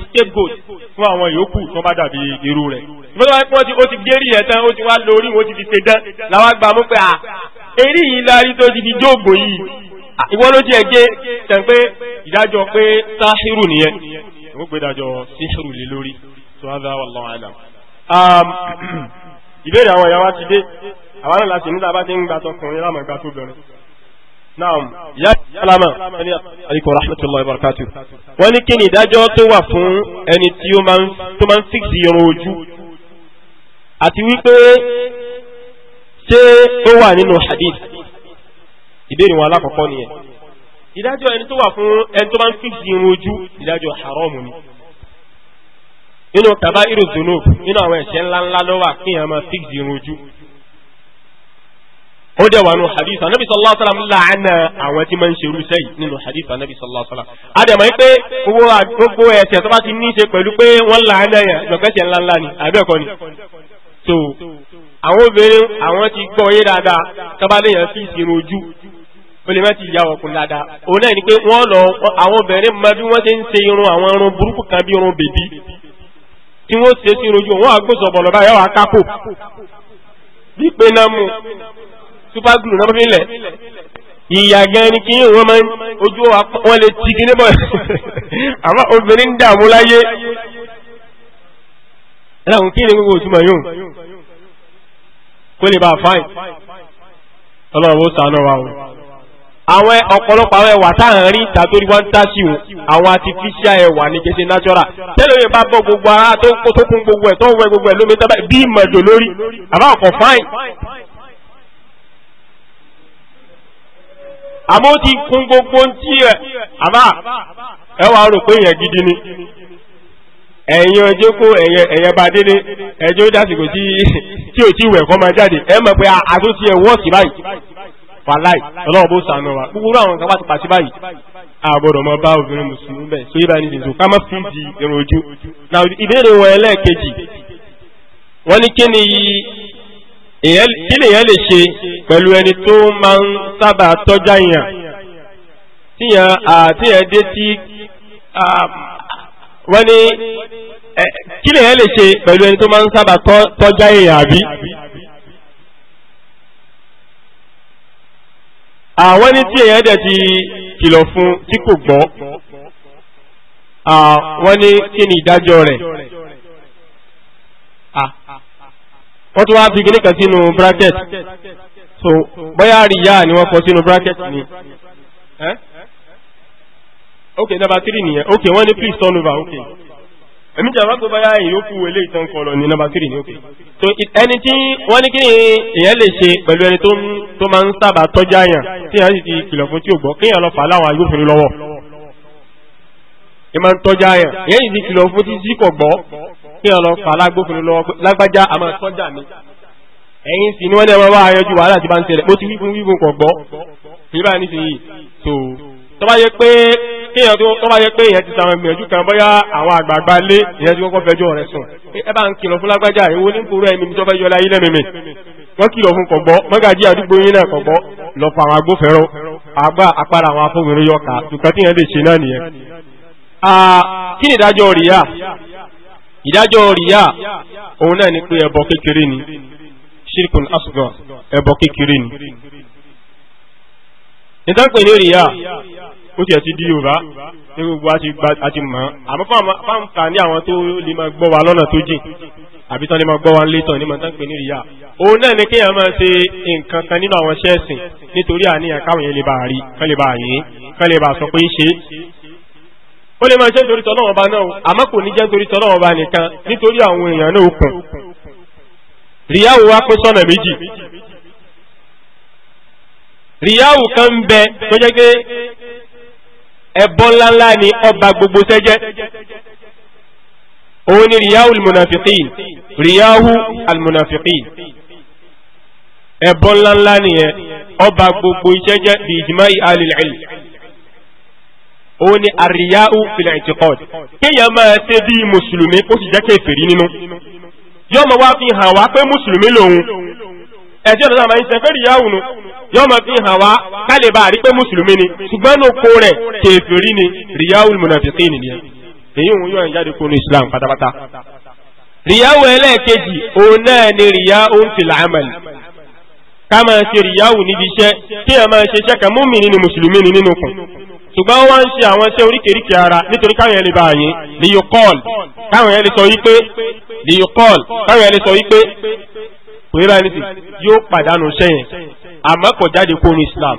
scapegoat fún àwọn yòókù tó bá dàbí irú rẹ̀ ìfọ́n tó wá pọ́n tí ó ti gérí ẹ̀ tán ó ti wá lórí wọn ó ti fi ṣe dán làwọn gbà mú pé à èrí yìí lárí tó ti fi jóògbò yìí ìwọ́n ló jẹ́ gé tẹ̀ pé ìdájọ́ pé sáhírù nìyẹn ó gbé dájọ́ síhírù lé lórí tó hádà wallahu alam. Um, ìbéèrè àwọn ìyá wa ti dé àwọn àlọ́ láti níta bá ti ń gba tọkùnrin lámọ̀ gba tó bẹ̀rẹ̀. naam ìyá sálámà ẹni àríkò rahmatullahi barakatu. wọ́n ní kí ni ìdájọ́ tó wà fún ẹni tí ó máa ń fíksì irun ojú àti wípé ṣé ó wà nínú hadith ìbéèrè wọn alákọ̀ọ́kọ́ nìyẹn ìdájọ́ ẹni tó wà fún ẹni tó bá ń fífi irun ojú ìdájọ́ haramu ni nínú kaba irú zunub nínú àwọn ẹ̀ṣẹ̀ ńláńlá lọ́wọ́ kí èèyàn máa fífi irun ojú ó dẹ̀ wà nù hadith anabi sallallahu alayhi wa sallam la'ana àwọn tí máa ń ṣerú sẹ́yìn nínú hadith anabi sallallahu alayhi wa sallam adama yìí pé gbogbo ẹ̀ṣẹ̀ tó bá ti ní í ṣe pẹ̀lú pé wọ́n la'ana yẹn ìgbọ̀kẹ́sẹ̀ ńláńlá ni àbẹ́ẹ̀kọ́ ni so àwọn obìnrin àwọn ti gbọ́ yé dáadáa tábàlẹ́yìn fi ìsinmi ojú ó lè má ti yà ọkùnrin dáadáa òun náà ni pé wọ́n lọ àwọn obìnrin mọ bí wọ́n ṣe ń ṣe irun àwọn irun burúkú kan bí irun bèbí tí wọ́n ṣe sí irun ju wọ́n àgbòsàn bọ̀lọ̀ báyọ̀ wà kápò bí pé náà mu super glue náà fi lẹ̀ ìyà gan ni kí wọ́n máa ń ojú wọn lè ti kí níbọ̀ àmọ́ obìnrin ń dààmú láyé ẹ̀rọ kí ni gbogbo òtúmọ̀ yóò kó lè bá a fáìn ọlọ́run ó sànú wa o àwọn ọ̀pọ̀lọpọ̀ àwọn ẹwà táà ń rí tàtórí wọ́n tá sí àwọn artificial ẹwà ní kése natural tẹ́lẹ̀ yóò bá bọ́ gbogbo ara tó kún gbogbo ẹ̀ tó wẹ gbogbo ẹ̀ lómi tábà bí ìmọ̀jò lórí àbá ọ̀kọ̀ fáìn àmọ́ ti kún gbogbo ń tí ẹ̀ àbá ẹwà rò pé èèyàn gidi ni ẹ̀yin ọjọ́ kó ẹ̀yẹ bá délé ẹjọ́ dásìkò tí ò tí wẹ̀ kọ́ máa jáde ẹ mọ̀ pé àtúntì ẹ̀ wọ́ọ̀sì báyìí wàláì ọlọ́wọ́ bó sànù wa gbogbo àwọn kan wá ti pàṣẹ báyìí àgbọ̀dọ̀ mọ bá obìnrin mùsùlùmí bẹ̀ sóyè báyìí nìyẹn ká má fi di irun ojú. na ìbéèrè wọn ẹlẹ́ẹ̀kejì wọ́n ní kí ni èèyàn lè ṣe pẹ̀lú ẹni tó máa ń sábà tọ́jà yàn tíyàn àtíyàn dé tí wọ́n ní kí lèèyàn lè ṣe pẹ̀lú ẹni tó máa ń sábà tọ́jà yàn àbí. àwọn ẹni tí èèyàn dẹ̀ ti kìlọ̀ fún tí kò gbọ́ wọ́n ní kí ni ìdájọ́ rẹ̀ wọ́n tún wá fi kíní kan sínú bracket so bóyá rìyá ni wọ́n kọ sínú bracket ni ok number three nìyẹn ok wọ́n ní please turn over ok èmi jà wákò báyá ìyókù ilé ìtàn kọlọ ní nọmba tírì ní òkè so ẹni tí wọ́n ní kí èyàn lè ṣe pẹ̀lú ẹni tó máa ń sábà tọ́já yàn tí èyàn sì ti kìlọ̀ fún tí ò gbọ́ kéèyàn lọ fà láwọn agbófinró lọ́wọ́ ẹ máa ń tọ́já yàn èyàn sì ti kìlọ̀ fún tí sí kò gbọ́ kéèyàn lọ fà lágbófinró lọ́wọ́ lágbájá àmọ́ tọ́já mi ẹ̀yin sì ni wọ́n ní ẹ wá ayọjú wàhálà tí bá ń ṣẹlẹ̀ mo ti wígun wígun kò gbọ́ tó bá yẹ pé kéèyàn tó tó bá ti sàwọn ìgbìyànjú kan bóyá àwọn àgbààgbà lé ìyẹn tí kọ́kọ́ fẹjọ́ rẹ̀ sùn ẹ bá ń kìlọ̀ fún lágbájá ìwo ní kúrò ẹ̀mí tó fẹ́ yọ láyé lẹ́mìmì wọ́n kìlọ̀ fún kọ̀gbọ́ mọ́gàjí àdúgbò yín náà kọ̀gbọ́ lọ fún àwọn agbófinró àgbà apára àwọn afọ́gbìnrin ni ìdájọ́ rìyà ìdájọ́ rìyà òun náà ni pé ẹbọ kékeré ó ti ẹ̀tí di yorùbá ní gbogbo àti mọ̀ àmọ́ fáǹfà ní àwọn tó lè máa gbọ́ wa lọ́nà tó jìn àbí tán lè máa gbọ́ wa ń létọ̀ ní mọ̀tán pè ní òun náà ni kéèyàn máa ṣe nǹkan kan nínú àwọn ṣẹ́ẹ̀sìn nítorí àníyàn káwọn yẹn lè bá rí kán lè bá yín kán lè bá sọ pé ń ṣe ó lè máa jẹ́ nítorí tọ́lọ́wọ́n bá náà àmọ́ kò ní jẹ́ nítorí tọ́lọ́wọ́n bá nìkan nítorí àwọn èèyàn náà kùn ríyàwó wa pín sọ́nà méjì ríyàwó kan ń bẹ tó jẹ́ pé ẹbọ ńláńlá ni ọba gbogbo sẹ́jẹ́ òun ni riyahu almunafiqin riyahu almunafiqin ẹbọ ńláńlá nìyẹn ọba gbogbo iṣẹ́ jẹ́ bí ijma'i alil ilm òun ni àríyáhu fil i'tiqad kéèyàn máa ṣe bí mùsùlùmí ó sì jẹ́ kèfèrí nínú yọ́mọ wá fi hàn wá pé mùsùlùmí lòun ẹ̀tí ọ̀nà náà máa ń sẹ fẹ́ ríyáwù nù yọ́ máa fi hàn wá kálẹ̀ bá rí pé mùsùlùmí ni ṣùgbọ́n ní oko rẹ̀ kèfèrí ni ríyáwù mùnàfíkì nìyẹn èyí òun yóò jáde kó nu Islam pátápátá. ríyáwù ẹlẹ́ẹ̀kejì òun náà ni ríyáwù fil amal ká máa ṣe ríyáwù níbi iṣẹ́ kí ẹ máa ṣe iṣẹ́ kan mùmínì ni mùsùlùmí ni nínú kun ṣùgbọ́n wọ́n ń ṣe àwọn iṣẹ́ oríkèéríkè ara nítorí káwọn ẹlẹ́bà yín liyokọ́ọ̀lù káwọn ẹlẹ́sọ yí pé liyokọ́ọ̀lù káwọn ẹlẹ́sọ yí pé yẹ báyìí nísì yóò pàdánù sẹ́yìn àmọ́ kò jáde kó nu Islam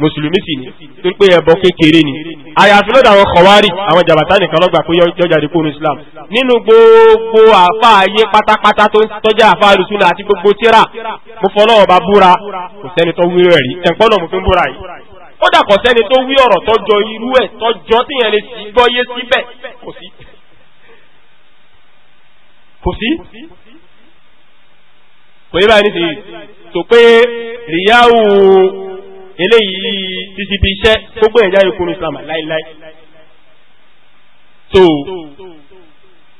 mùsùlùmí sì ni torí pé ẹbọ kékeré ni àyàfi lọ́dọ̀ àwọn kọ̀wárì àwọn jàbátá nìkan lọ́gbà pé yọ jáde kó nu Islam nínú gbogbo àfa ayé pátápátá tó ń tọ́jà àfa àlùsùn àti gbogbo tíra mo fọ́ náà ọba búra kò sẹ́ni tó wúrò ẹ̀rí ẹ̀ńpọ́n náà mo fi ń búra yìí kódà kò sẹ́ni tó wí ọ̀rọ̀ tọ́jọ irú ẹ̀ tọ́jọ tíyẹn lè sí gbọ́yé síbẹ̀ kò sí kò sí kò yẹ báyìí nísìnyí tó pé rìyáwó eléyìí títí bí iṣẹ́ gbogbo ẹ̀já ikú ní islam láíláí tó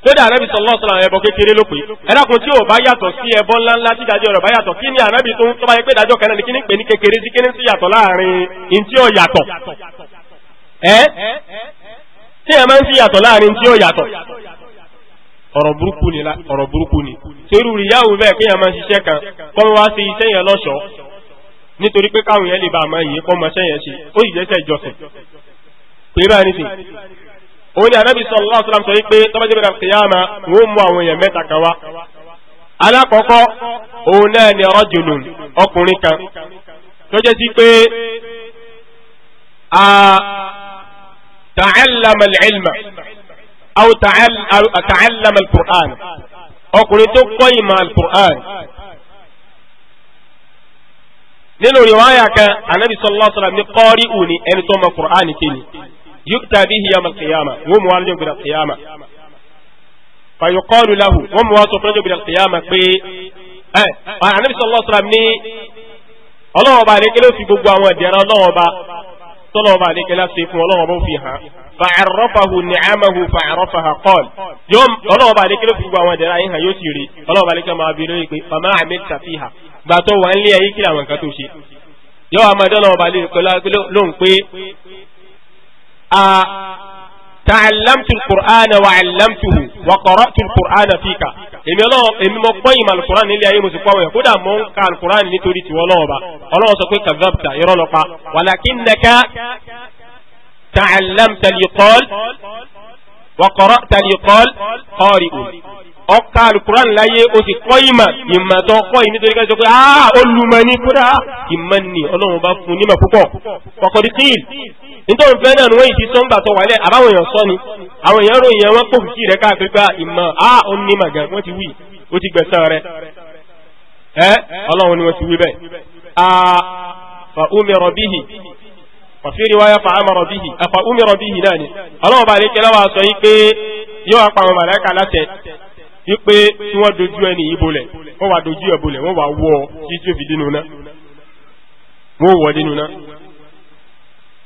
kódà anábì sọ lọ́sọ̀rọ̀ àwọn ẹbọ kékeré ló pé ẹ̀dàkùn tí ò bá yàtọ̀ sí ẹbọ ńláńlá tí dájọ́ rẹ̀ bá yàtọ̀ kí ni anábì tó ń tọ́ bá yẹ pé dájọ́ kan náà ni kí ni pè ní kékeré sí kí ni sí yàtọ̀ láàrin ní tí ò yàtọ̀ ẹ́ tí ẹ máa ń sí yàtọ̀ láàrin tí ò yàtọ̀ ọ̀rọ̀ burúkú ni ọ̀rọ̀ burúkú ni serú ìyáwó bẹ́ẹ̀ kéèyàn máa ṣiṣẹ́ kan kọ́ wá sí iṣẹ́ yẹn lọ́ṣọ̀ọ́ nítorí pé káwọn yẹn lè bá àmọ́ yìí kọ́ mọ iṣẹ́ yẹn ṣe ó sì jẹ́sẹ̀ ìjọsìn pẹ̀lú àníṣe òun ni anábì sallallahu alaihi wasallam sọ wípé tọ́bajẹ́ bẹ̀rẹ̀ kìyàmà wọ́n mú àwọn èèyàn mẹ́ta kan wá alákọ̀ọ́kọ́ òun náà ni rajulun ọkùnrin kan tó jẹ́ sí pé ta'allama aw ta'allama al-Qur'an ọkùnrin tó kọ́ ìmọ̀ al-Qur'an nínú riwaya kan anabi sallallahu alaihi wasallam ni kọ́rí uni ẹni tó mọ̀ Qur'an kìíní yukta bihi yawm al-qiyamah wọ́n mu wá lójú gbèrè al-qiyamah fa yuqalu lahu wọ́n mu wá sọ fún lójú gbèrè al pé ẹ anabi sallallahu alaihi wasallam ni ọlọ́wọ́ba àlékelé fi gbogbo àwọn ìdẹ̀ra ọlọ́wọ́ba tọ́lọ̀ bá àlékẹ́ láti fún ọlọ́run bó fi hàn fàárọ́fàhù ní àmàhù fàárọ́fàhà kọ́ọ̀lù yóò ọlọ́run bá àlékẹ́ ló fi gbogbo àwọn ìdẹ̀ra yìí hàn yóò sì rí ọlọ́run bá àlékẹ́ máa bí lórí pé bàmá àmì tàfi hà gbà tó wà ń lé ayé kíra àwọn nǹkan tó ṣe yóò àmà dọ́lọ́run bá àlékẹ́ lóhùn pé a tàlámtù kùránà wà àlámtù wà kọ̀rọ̀tù kùránà fíkà èmi ọlọ́run èmi mọ pọ́yìn mọ alukur'an nílé ayé mo sì pọ́wọ́ yẹn kódà mọ ń ka alukur'an nítorí tiwọ́ ọlọ́run ba ọlọ́run sọ pé kazabta irọ́ lọ pa walakinnaka ta'allamta liqal wa qara'ta liqal qari'un ọka alukur'an láyé o sì kọ́yìn mà ìmọ̀ tó nítorí ká sọ pé ah olùmọ̀ ní kódà ìmọ̀ ni ọlọ́run bá fún nímọ̀ púpọ̀ kọ̀kọ́dí nítorí fẹ́ náà ni wọ́n yìí ti sọ ń gbà wà lẹ́ àbáwọn èèyàn sọ ni àwọn èèyàn ròyìn yẹn wọ́n pò kìkì rẹ̀ káàkiri pé ah, ìmọ̀ á ah, ó ní màgà wọ́n ti wí ó ti gbẹ̀sán rẹ̀ ọlọ́run ah, fa umi bihi fa fa amaro bihi fa bihi náà ni ọlọ́run bá lè kí lọ́wọ́ sọ yìí pé yóò wá pa àwọn màláìka láṣẹ yìí pé tí wọ́n dojú bolẹ̀ wọ́n wá dojú bolẹ̀ wọ́n wá wọ́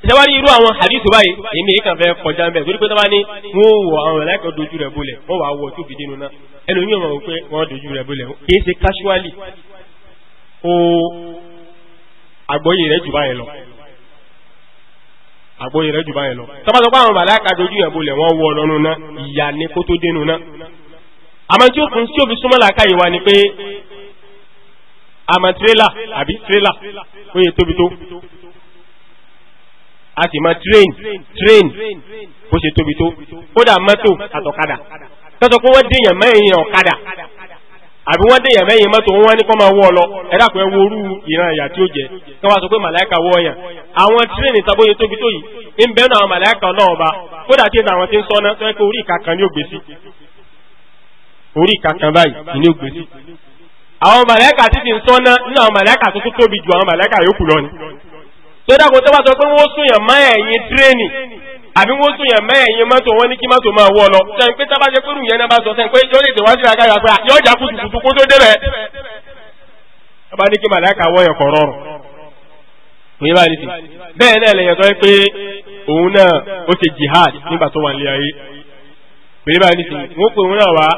ìṣẹ́wárí irú àwọn hadith báyìí èmi èyí kan fẹ́ kọjá ń bẹ̀ torí pé tó bá ní wọ́n wọ àwọn ẹ̀láìkọ̀ dojú rẹ̀ bolẹ̀ wọ́n wà wọ tó fi dínú náà ẹlòmíì wọn wò pé wọ́n dojú rẹ̀ bolẹ̀ kì í ṣe casually o àgbọ́yé rẹ̀ jù báyìí lọ àgbọ́yé rẹ̀ jù báyìí lọ tó bá sọ pé àwọn màláìka dojú rẹ̀ bolẹ̀ wọ́n wọ lọ́nu náà ìyà ni kó tó dínú náà àmọ́ tí ó fún tí ó fi súnmọ́ làákàyè wa ni pé àmọ́ tó a sì mọ train train bó ṣe tóbi tó kódà mọ́tò àtọ̀kadà tọ́sọ pé wọ́n dèèyàn mẹ́yìn ọ̀kadà àbí wọ́n dèèyàn mẹ́yìn mọ́tò wọn ní kọ́ máa wọ́ ọ lọ ẹ̀dá pé worú ìran ẹ̀yà tí ó jẹ kí wọ́n sọ pé màláìka wọ́ ọ̀yàn àwọn train ìtàbóyè tóbi tó yìí ń bẹ́ẹ̀ náà màláìka náà ọba kódà tí àwọn ti ń sọ pé orí ìkàkàn orí ìkàkàn báyìí àwọn màláìka ń nínú àwọn màláìka tó tóbi ju àwọn màláìka tó dákun tó bá sọ pé wọ́n súnyàn má ẹ̀yìn tírénì àbí wọ́n súnyàn má ẹ̀yìn mọ́tò wọn ní kí mọ́tò máa wọ́ lọ sẹ́yìn pé tábà jẹ́ pẹ́rù yẹn náà bá sọ sẹ́yìn pé yóò lè tẹ̀wá sí ra káyọ̀ pé yóò jà kùtùkùtù kó tó débẹ̀. ọba ní kí màláìka wọ ẹ̀kọ́ rọrùn òye bá nìsí bẹ́ẹ̀ náà lẹ́yìn tó yẹ pé òun náà ó ṣe jihad nígbà tó wà nílé ayé òye bá nìsí wọ́n pè òun náà wá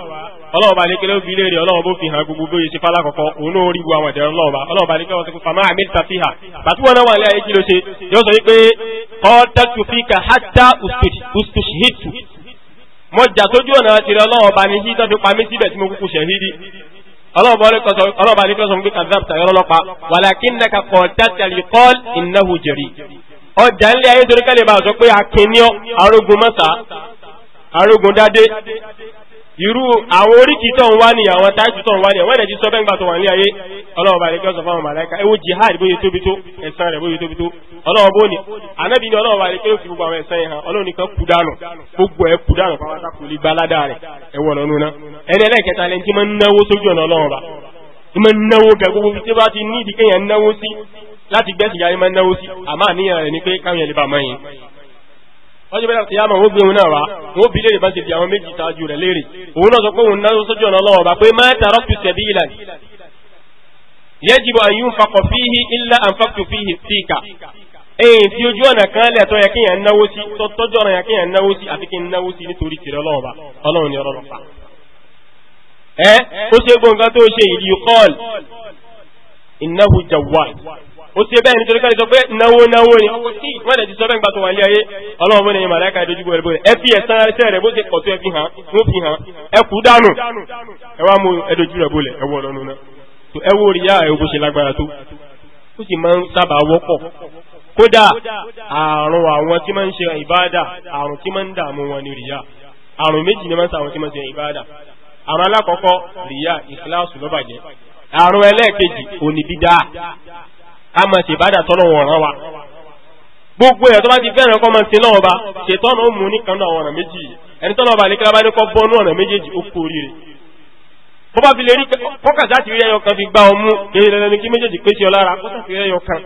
ọlọ́run bá lékelé bí léèrè ọlọ́run bó fi hàn gbogbo bóyè ṣe fálá kọ̀kọ́ òun náà rí gbogbo àwọn ìdẹ̀rùn ọlọ́run bá ọlọ́run bá lékelé wọn ti fàmà àmì tàfihà bàtú wọn náà wà ní ayé kí ló ṣe yóò sọ wípé ọ̀ọ́dà tó fi kà hátà ùsùṣìhìtù mo jà sójú ọ̀nà àti rẹ ọlọ́run ní yí fi pa síbẹ̀ tí mo kúkú ṣẹ̀hídì ọlọ́run bá lékelé sọ wípé irú àwọn oríkì tó ń wá ní àwọn táìtù tó ń wá ní àwọn ẹ̀dẹ̀ tí sọ bẹ́ngbà tó wà ní ayé ọlọ́ọ̀bá rẹ̀ kẹ́sọ̀ fáwọn màláìka ẹwọ́ jihad bóyé tóbi tó ẹ̀sán rẹ̀ bóyé tóbi tó ọlọ́ọ̀bó ni anábì ni ọlọ́ọ̀bá rẹ̀ kẹ́rò fi gbogbo àwọn ẹ̀sán yẹn hàn ọlọ́ọ̀ nìkan kú dànù gbogbo ẹ̀ kú dànù pàápàá kò lè gbalada rẹ̀ ẹ̀wọ̀ lọ́nu ná ẹni ẹlẹ́kẹta lẹ́ni tí máa ń náwó sójú ọ̀nà ọlọ́ọ̀bá ìmọ̀ náwó gẹ̀ gbogbo fi tí bá ti ní ìdíkẹ́yàn náwó sí láti gbẹ́sì yáyé máa náwó sí àmà àníyàn rẹ̀ ni pé káwọn yẹn lè bá ọjọ́ bẹ́ẹ̀ láti yáma wọ́n gbé òun náà wá wọ́n bí léèrè bá ti di àwọn méjì tájú rẹ̀ léèrè òun náà sọ pé òun náà sójú ọ̀nà ọlọ́wọ́ bá pé má tààrọ́ tu tẹ̀bí ìlànà yajibu an yunfaqa fihi illa anfaqtu fihi fika ẹ̀yìn tí ojú ọ̀nà kan lẹ̀ tó yẹ kí yẹn náwó sí tó tọ́jú ọ̀nà yẹ kí yẹn náwó sí àti kí n náwó sí nítorí tìrẹ ọlọ́run bá ni ọlọ́run ó ti bẹ́ẹ̀ nítorí káàdì sọ pé náwó náwó ni wọ́n lè ti sọ bẹ́ẹ̀ gbà tó wà nílé ayé ọlọ́run fún ẹ̀yìn màláìka ìdójúgbò rẹ̀ bóyá ẹ fi ẹ̀sán ẹsẹ̀ rẹ̀ bó ṣe kọ̀tọ́ ẹ fi hàn wọ́n fi hàn ẹ kú ẹ wá mú ẹdójú rẹ̀ nuna ẹ wo ẹ bó ṣe lágbára tó ó sì máa ń sábà wọ́pọ̀ kódà àrùn àwọn tí máa ń ṣe ìbáadà àrùn tí máa ń dààmú wọn ni a máa ṣe ìbádà tọ́lọ̀ wọn rán wa gbogbo ẹ̀ tó bá ti fẹ́ràn kọ́ máa ṣe ọba ṣètọ́nà ó mú náà ọ̀nà méjì ẹni tọ́nà ọba àlékẹ́lá bá ní kọ́ bọ́nú ọ̀nà méjèèjì ó kú oríire bó bá fi lè rí kọ́kà sáà ti rí ẹyọ kan fi ọmú lẹ́nu kí méjèèjì pé kó sáà ti rí ẹyọ kan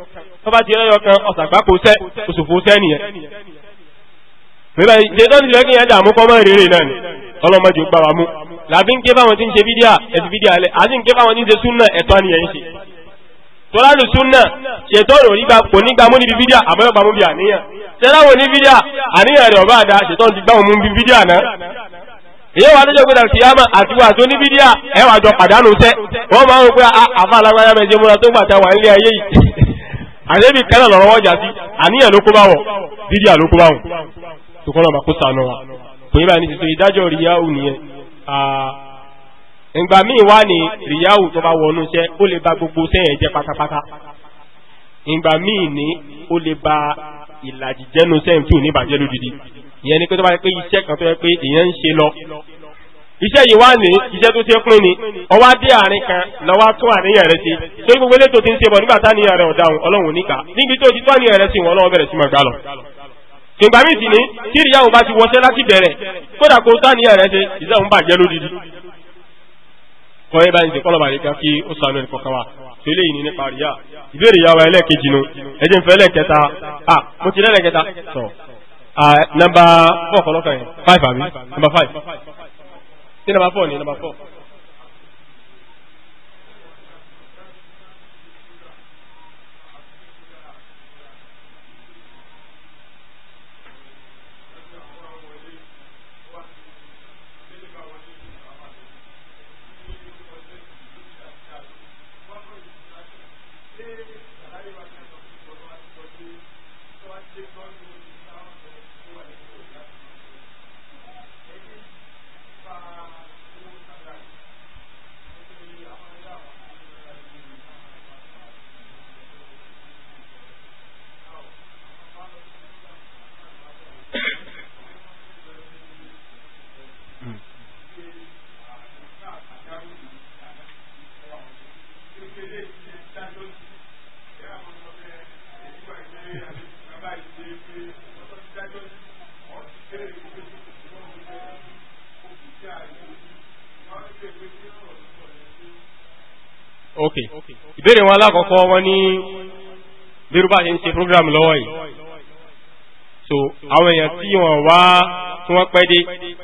tó bá ti rí ẹyọ kan ọ̀sàgbá kò sẹ́ òṣòfò sẹ́ tọ́lálù súnà ṣètọ́nù kò ní gbámú níbi bídíà àmọ́ gbámú bí àníyàn tẹ́láwò ní bídíà àníyàn rẹ̀ ọba àdá ṣètọ́nù ti gbámú bí bídíà náà èyí wà lọ́jọ́ gbọ́dọ̀ kìyàmà àti wà tó ní bídíà ẹwà jọ pàdánù sẹ́ wọ́n máa ń pẹ́ ah, àfa alágbáyà mẹ́jẹ múra tó gbàtà wà nílé ayé yìí àdébì kẹ́nà lọ́rọ̀ wọ́jà sí àníyàn ló kó bá wọ̀ bídíà ló kó bá wọ̀ tó kọ́ lọ́mà kó sànù wa kò báyìí ní ti so ìdájọ́ ríyá ònìyẹn ah ìgbà míì wá ní ríyáwù tó bá wọnú iṣẹ́ ó lè ba gbogbo sẹ́yìn jẹ́ pátápátá ìgbà míì ní ó lè ba ìlàjì jẹ́nu sẹ́yìn tí ò ní bàjẹ́ lódìdí ìyẹn ni pé tó bá yẹ pé iṣẹ́ kan tó yẹ pé èèyàn ń ṣe lọ iṣẹ́ yìí wá ní iṣẹ́ tó ṣe pín ni ọwá dé àárín kan lọ́wọ́ tó àníyàn rẹ̀ sí tó gbogbo elétò ti ń ṣe bọ̀ nígbà táníyàn rẹ̀ ọ̀daràn ọlọ́run níkà níbi tó ti tó àníyàn rẹ̀ sí wọn ọlọ́run bẹ̀rẹ̀ sí máa gbà lọ ìgbà míì sì ní tí ìyáwó bá ti wọṣẹ́ láti bẹ̀rẹ̀ kódà kó táníyàn rẹ̀ ṣe ìṣẹ́ òun bàjẹ́ lódìdí kọ́ ẹ bá ń jẹ́ kọ́lọ̀bà nìkan kí ó sànú ẹnì kọ̀ọ̀kan wa tó lè yìí nípa ríyà ìbéèrè ìyàwó ẹlẹ́ẹ̀kejì nu ẹjẹ́ ń fẹ́ ẹlẹ́ẹ̀kẹta ah mo ti lẹ́ẹ̀kẹta sọ nọmba fọ́ ọ̀kọ̀lọ́kàn yẹn five àbí nọmba five sí nọmba four ni nọmba four. ìbéèrè wọn alákọ̀ọ́kọ́ wọn ní bírúbà ṣe ń ṣe program lọ́wọ́ yìí so àwọn èèyàn tí wọ́n wá tí wọ́n pẹ́ dé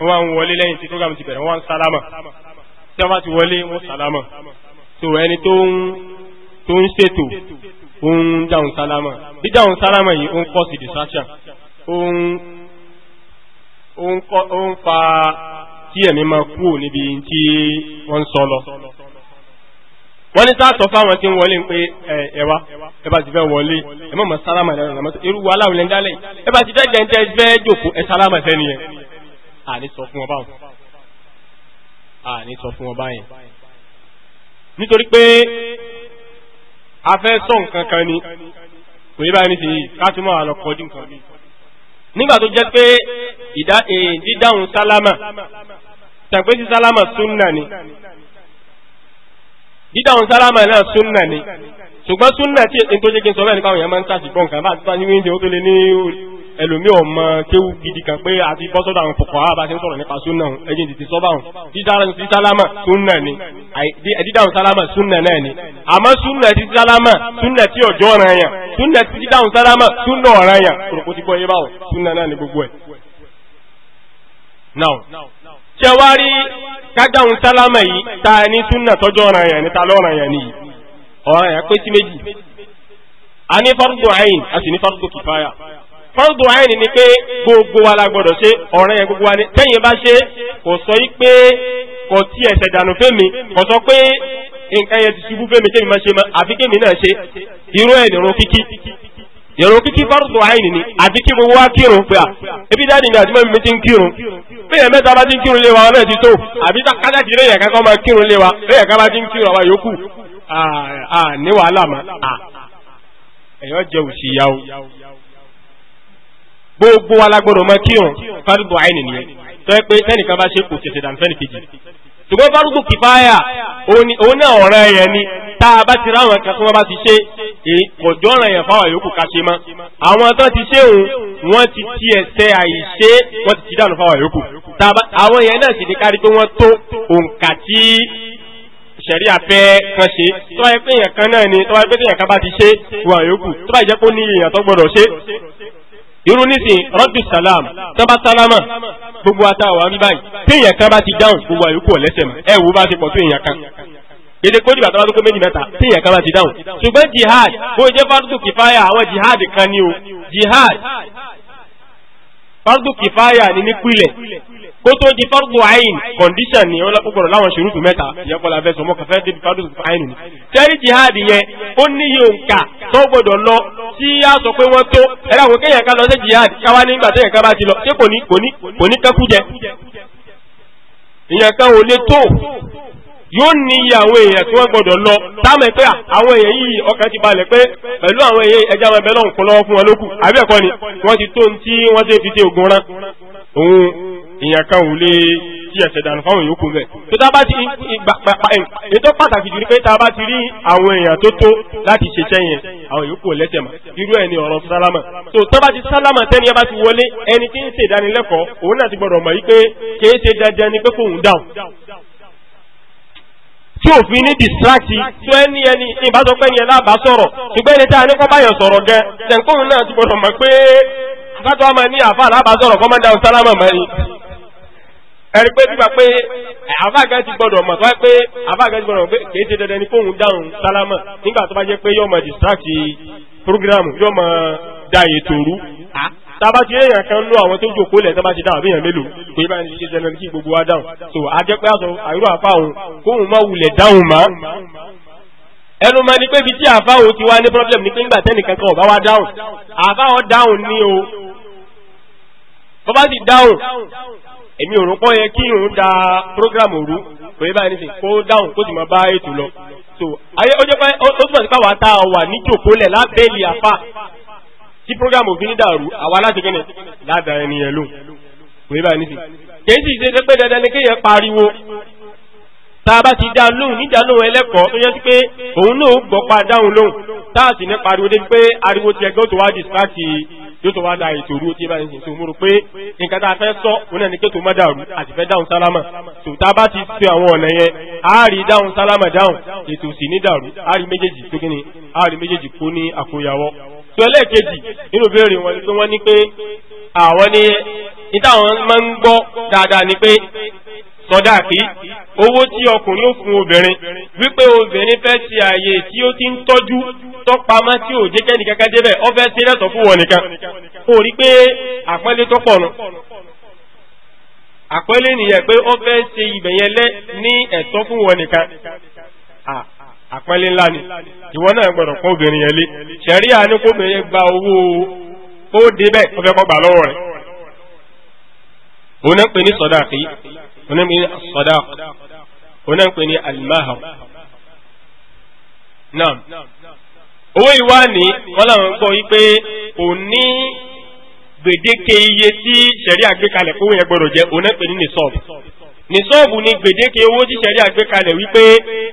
wọ́n wá ń wọlé lẹ́yìn tí program ti bẹ̀rẹ̀ wọ́n ń salama tí wọ́n bá ti wọlé wọ́n sálámà so ẹni tó ń tó ń ṣètò ó ń dáhùn sálámà dídáhùn sálámà yìí ó ń kọ́ sí distraction ó fa kí ẹ̀mí máa kúrò níbi tí wọ́n ń sọ lọ wọ́n ní sáà sọ fáwọn tí ń wọlé ń pé ẹwà ẹbá ti fẹ́ wọlé ẹmọ́ mọ̀ sálámà lẹ́nu ìlàmọ́tò irú wa aláwọ̀ ilẹ̀ ń dálẹ̀ ẹbá ti fẹ́ jẹun fẹ́ jòkó ẹ sálámà sẹ́ni yẹn àní sọ fún ọba yẹn àní sọ fún ọba yẹn nítorí pé a fẹ́ sọ nǹkan kan ni kò yí báyìí nísìnyí ká tún máa lọ kọjú nǹkan mi nígbà tó jẹ́ pé eh, dídáhùn sálámà tàgbé sí sálámà súnnà ni dídáhùn sálámà náà súnà ni ṣùgbọ́n súnà tí ètò jẹ́ kí n sọ bẹ́ẹ̀ nípa àwọn èèyàn máa ń tàṣì gbọ́n kan bá ti bá ní wíńdí ó tó lé ní ẹlòmí ọmọ kéwù gidi kan pé àti bọ́sọ́dọ̀ àwọn fòkàn àbá ṣe ń sọ̀rọ̀ nípa súnà ẹ̀jìn ti ti sọ́bà hùn dídáhùn súnà ni dídáhùn sálámà súnà náà ni àmọ́ súnà ti sálámà súnà tí ọjọ́ ọ̀ràn yàn súnà ti dídáhùn sálámà súnà ọ̀ràn yàn kòròkó ti gbọ́ yé báwọn súnà náà ni gbogbo ẹ̀. now sẹwari kagbawo talama yi ta ni sunna tɔjɔ na yanni ta lɔ na yanni ɔ ɛ kpɛsi meji a farudu ayin asi ni farudu kifaya farudu ayin ni pe gbogbo ala se ɔrɛ yɛ gbogbo ale tɛyɛ ba se kò sɔ yi pe kò ti ɛsɛ dànù fɛn mi pe nkan yɛ ti mi ma se ma àfi kémi náà se irú ɛ nìrú kiki. ìrun kíkí fárùtù àìní ni àti kí gbogbo wa kírun pé à ebi dáàdì ni àti mọ́mí ti ń kírun bẹ́ẹ̀ mẹ́ta bá ti ń kírun lé wa náà ti tó àbí kájà ti lẹ́yìn ẹ̀ka kan máa kírun lé wa lẹ́yìn ẹ̀ka bá ti ń kírun àwa yòókù ní wàhálà mọ́ ẹ̀yọ́ jẹ́ òsì ìyá o gbogbo wa la gbọ́dọ̀ máa kírun fárùtù àìní nìyẹn tọ́ pé tẹ́nìkan bá ṣe kò tètè dànfẹ́nì kejì ṣùgbọ́n fárúkú kìfáyà òun náà ọ̀ràn ẹ̀yẹn ni tá a bá ti ráwọn kan tí wọ́n bá ti ṣe kọjọ́ ọ̀ràn ẹ̀yẹn fáwọn yòókù ká ṣe mọ́ àwọn kan ti ṣe òun wọ́n ti ti ẹ̀sẹ̀ àìṣe wọ́n ti ti dànù fáwọn yòókù àwọn yẹn náà sì ní kárí pé wọ́n tó òǹkà tí ṣẹ̀rí àfẹ́ kan ṣe tó bá pé èèyàn kan náà ni tó bá yẹ pé èèyàn kan bá ti ṣe irú nísìn rọ́dù sàlám tọ́ba sálámà gbogbo àtàwọn àmì báyìí tí èèyàn kan bá ti dáhùn gbogbo àyókù ọ̀lẹ́sẹ̀ mọ́ ẹ wò bá ti pọ̀ tó èèyàn kan gbèdé kó dìgbà tọ́ba tó kó méjì mẹ́ta tí èèyàn kan bá ti dáhùn ṣùgbọ́n jihad bó jẹ́ fardu kìfáyà àwọn jihad kan ni o jihad fardu kìfáyà ni nípìnlẹ̀ kó tó di fardu ayin condition ni wọn gbọdọ láwọn ṣòrùtù mẹ́ta ìyẹn kọlá fẹ sọmọ kọfẹ débi fardu ni. tẹ́rí jihadi yẹn ó níye òǹkà tó gbọdọ lọ tí a sọ pé wọ́n tó ẹ̀rọ àwọn kéèyàn ká lọ sí jihad káwá nígbà tó yẹn ká bá ti lọ ṣé kò ní kò ní kò ní kankú jẹ. ìyẹn kan ò lè tó yóò ní iye àwọn èèyàn tí wọ́n gbọdọ̀ lọ táwọn ẹ̀pẹ́ àwọn èèyàn yìí ọkàn ti balẹ̀ pé pẹ̀lú àwọn èèyàn ẹja wọn ẹbẹ̀ lọ́nkọ́ lọ́wọ́ fún wọn lókù àbí ẹ̀kọ́ ni wọ́n ti tó ní tí wọ́n ti fi ṣe ògùn rán òun èèyàn kan ò lè tí ẹ̀sẹ̀ dànù fáwọn yòókù rẹ̀ tó tá a bá ti ètò pàtàkì jù ní pé tá a bá ti rí àwọn èèyàn tó tó láti ṣiṣẹ́ yẹn àwọn yòókù lẹ́sẹ̀ mà irú ẹ̀ ni ọ̀rọ̀ sálámà tó tó ti sálámà tẹ́ni ẹ ti wọlé ẹni tí ń ṣèdánilẹ́kọ̀ọ́ òun náà ti gbọ́dọ̀ mọ̀ yí pé kì ṣe dandan ni pé kóun dáhùn tí òfin ní distract tó ẹni ẹni ìbásọpẹ́ ni ẹlá bá sọ̀rọ̀ ṣùgbọ́n ẹni tá a ní kọ́ báyọ̀ sọ̀rọ̀ gẹ tẹ̀kóhùn náà ti gbọdọ̀ mọ̀ pé fátọ́ ọmọ ní àfa àlábà sọ̀rọ̀ kọ́mọ́dá ọ̀sálámà mọ́ ni. ẹ̀rí pé nígbà pé àfa àgá ti gbọdọ̀ mọ̀ tó pé àfa àgá ti gbọdọ̀ pé kì ṣe dandan ni kóhùn dáhùn nígbà tó bá jẹ́ pé program dá ètò rú tába ti èèyàn kan ló àwọn tó jòkó lẹ̀ tába ti dáhùn bí èèyàn mélòó pé báyìí ní ṣe jẹnẹrẹ kí gbogbo wa dáhùn so àjẹpẹ́ àṣọ àìrò àfa òun kóhùn má wulẹ̀ dáhùn má ẹnu ma ni pé ibi tí àfa òun ti wá ní problem ni pé nígbà tẹ́nìkan kan ọba wa dáhùn àfa ọ̀ dáhùn ní o bọ́bá sì dáhùn èmi òrùn pọ́ yẹ kí òun da program òru kò yẹ báyìí nísìnyí kó dáhùn kó sì máa bá ètò lọ so ayé ó jẹ́ pé ó túbọ̀ sí pé àwa tá a wà níjòkó lẹ̀ tí programu òfin ní dàrú àwa láti gẹ́nẹ̀ ládàá ẹni yẹn lò kò yẹ báyìí kì í sì ṣe pé dandan ni kéèyàn pariwo tá a bá ti dá lóhùn nídá lóhùn ẹlẹ́kọ̀ọ́ tó yẹ sí pé òun náà gbọ́ pa dáhùn lóhùn tá a sì ní pariwo débi pé ariwo ti ẹgbẹ́ tó wá distract yóò tó wá da ètò òru tí báyìí nísìn tó múrò pé nǹkan tá a fẹ́ sọ òun náà ní pé tó má dàrú àti fẹ́ dáhùn sálámà tó tá a bá ti fi àwọn ọ̀nà yẹn a rí dáhùn sálámà dáhùn ètò sì ní dàrú a rí méjèèjì tó kí a rí méjèèjì kó ní àkóyawọ́ sọ lẹ́ẹ̀kejì nínú béèrè wọn pé wọ́n ní pé àwọn ní ìtàwọn máa ń gbọ́ dáadáa ni pé sọdáàkì owó tí ọkùnrin ó fún obìnrin wípé obìnrin fẹ́ ti ààyè tí ó ti ń tọ́jú tọ́pamọ́ tí ò jẹ́kẹ́ nìkan kan débẹ̀ ọ fẹ́ ṣe lẹ́tọ̀ fún wọn nìkan ó rí pé àpẹẹlẹ tó pọ̀ nù àpẹẹlẹ nìyẹn pé ọ ṣe ibẹ̀ lẹ́ ní ẹ̀tọ́ fún wọn nìkan àpẹẹlẹ ńlá ni ìwọ náà gbọ́dọ̀ kó obìnrin yẹn lé ṣẹ̀ríà ní kóbìnrin yẹn gba owó ó débẹ̀ ó fẹ́ kọ́ gbà lọ́wọ́ rẹ̀ òun náà ń pè ní sọdáàkì òun náà ń pè ní sọdáàkì òun náà ń pè ní alimaham náà owó ìwá ni wọ́n làwọn gbọ́ yí pé kò gbèdéke iye tí ṣẹ̀ríà gbé kalẹ̀ yẹn gbọ́dọ̀ jẹ́ òun náà pè ní nìsọ́ọ̀bù nìsọ́ọ̀bù ni gbèdéke owó tíṣẹ̀rí àgbékalẹ̀ wípé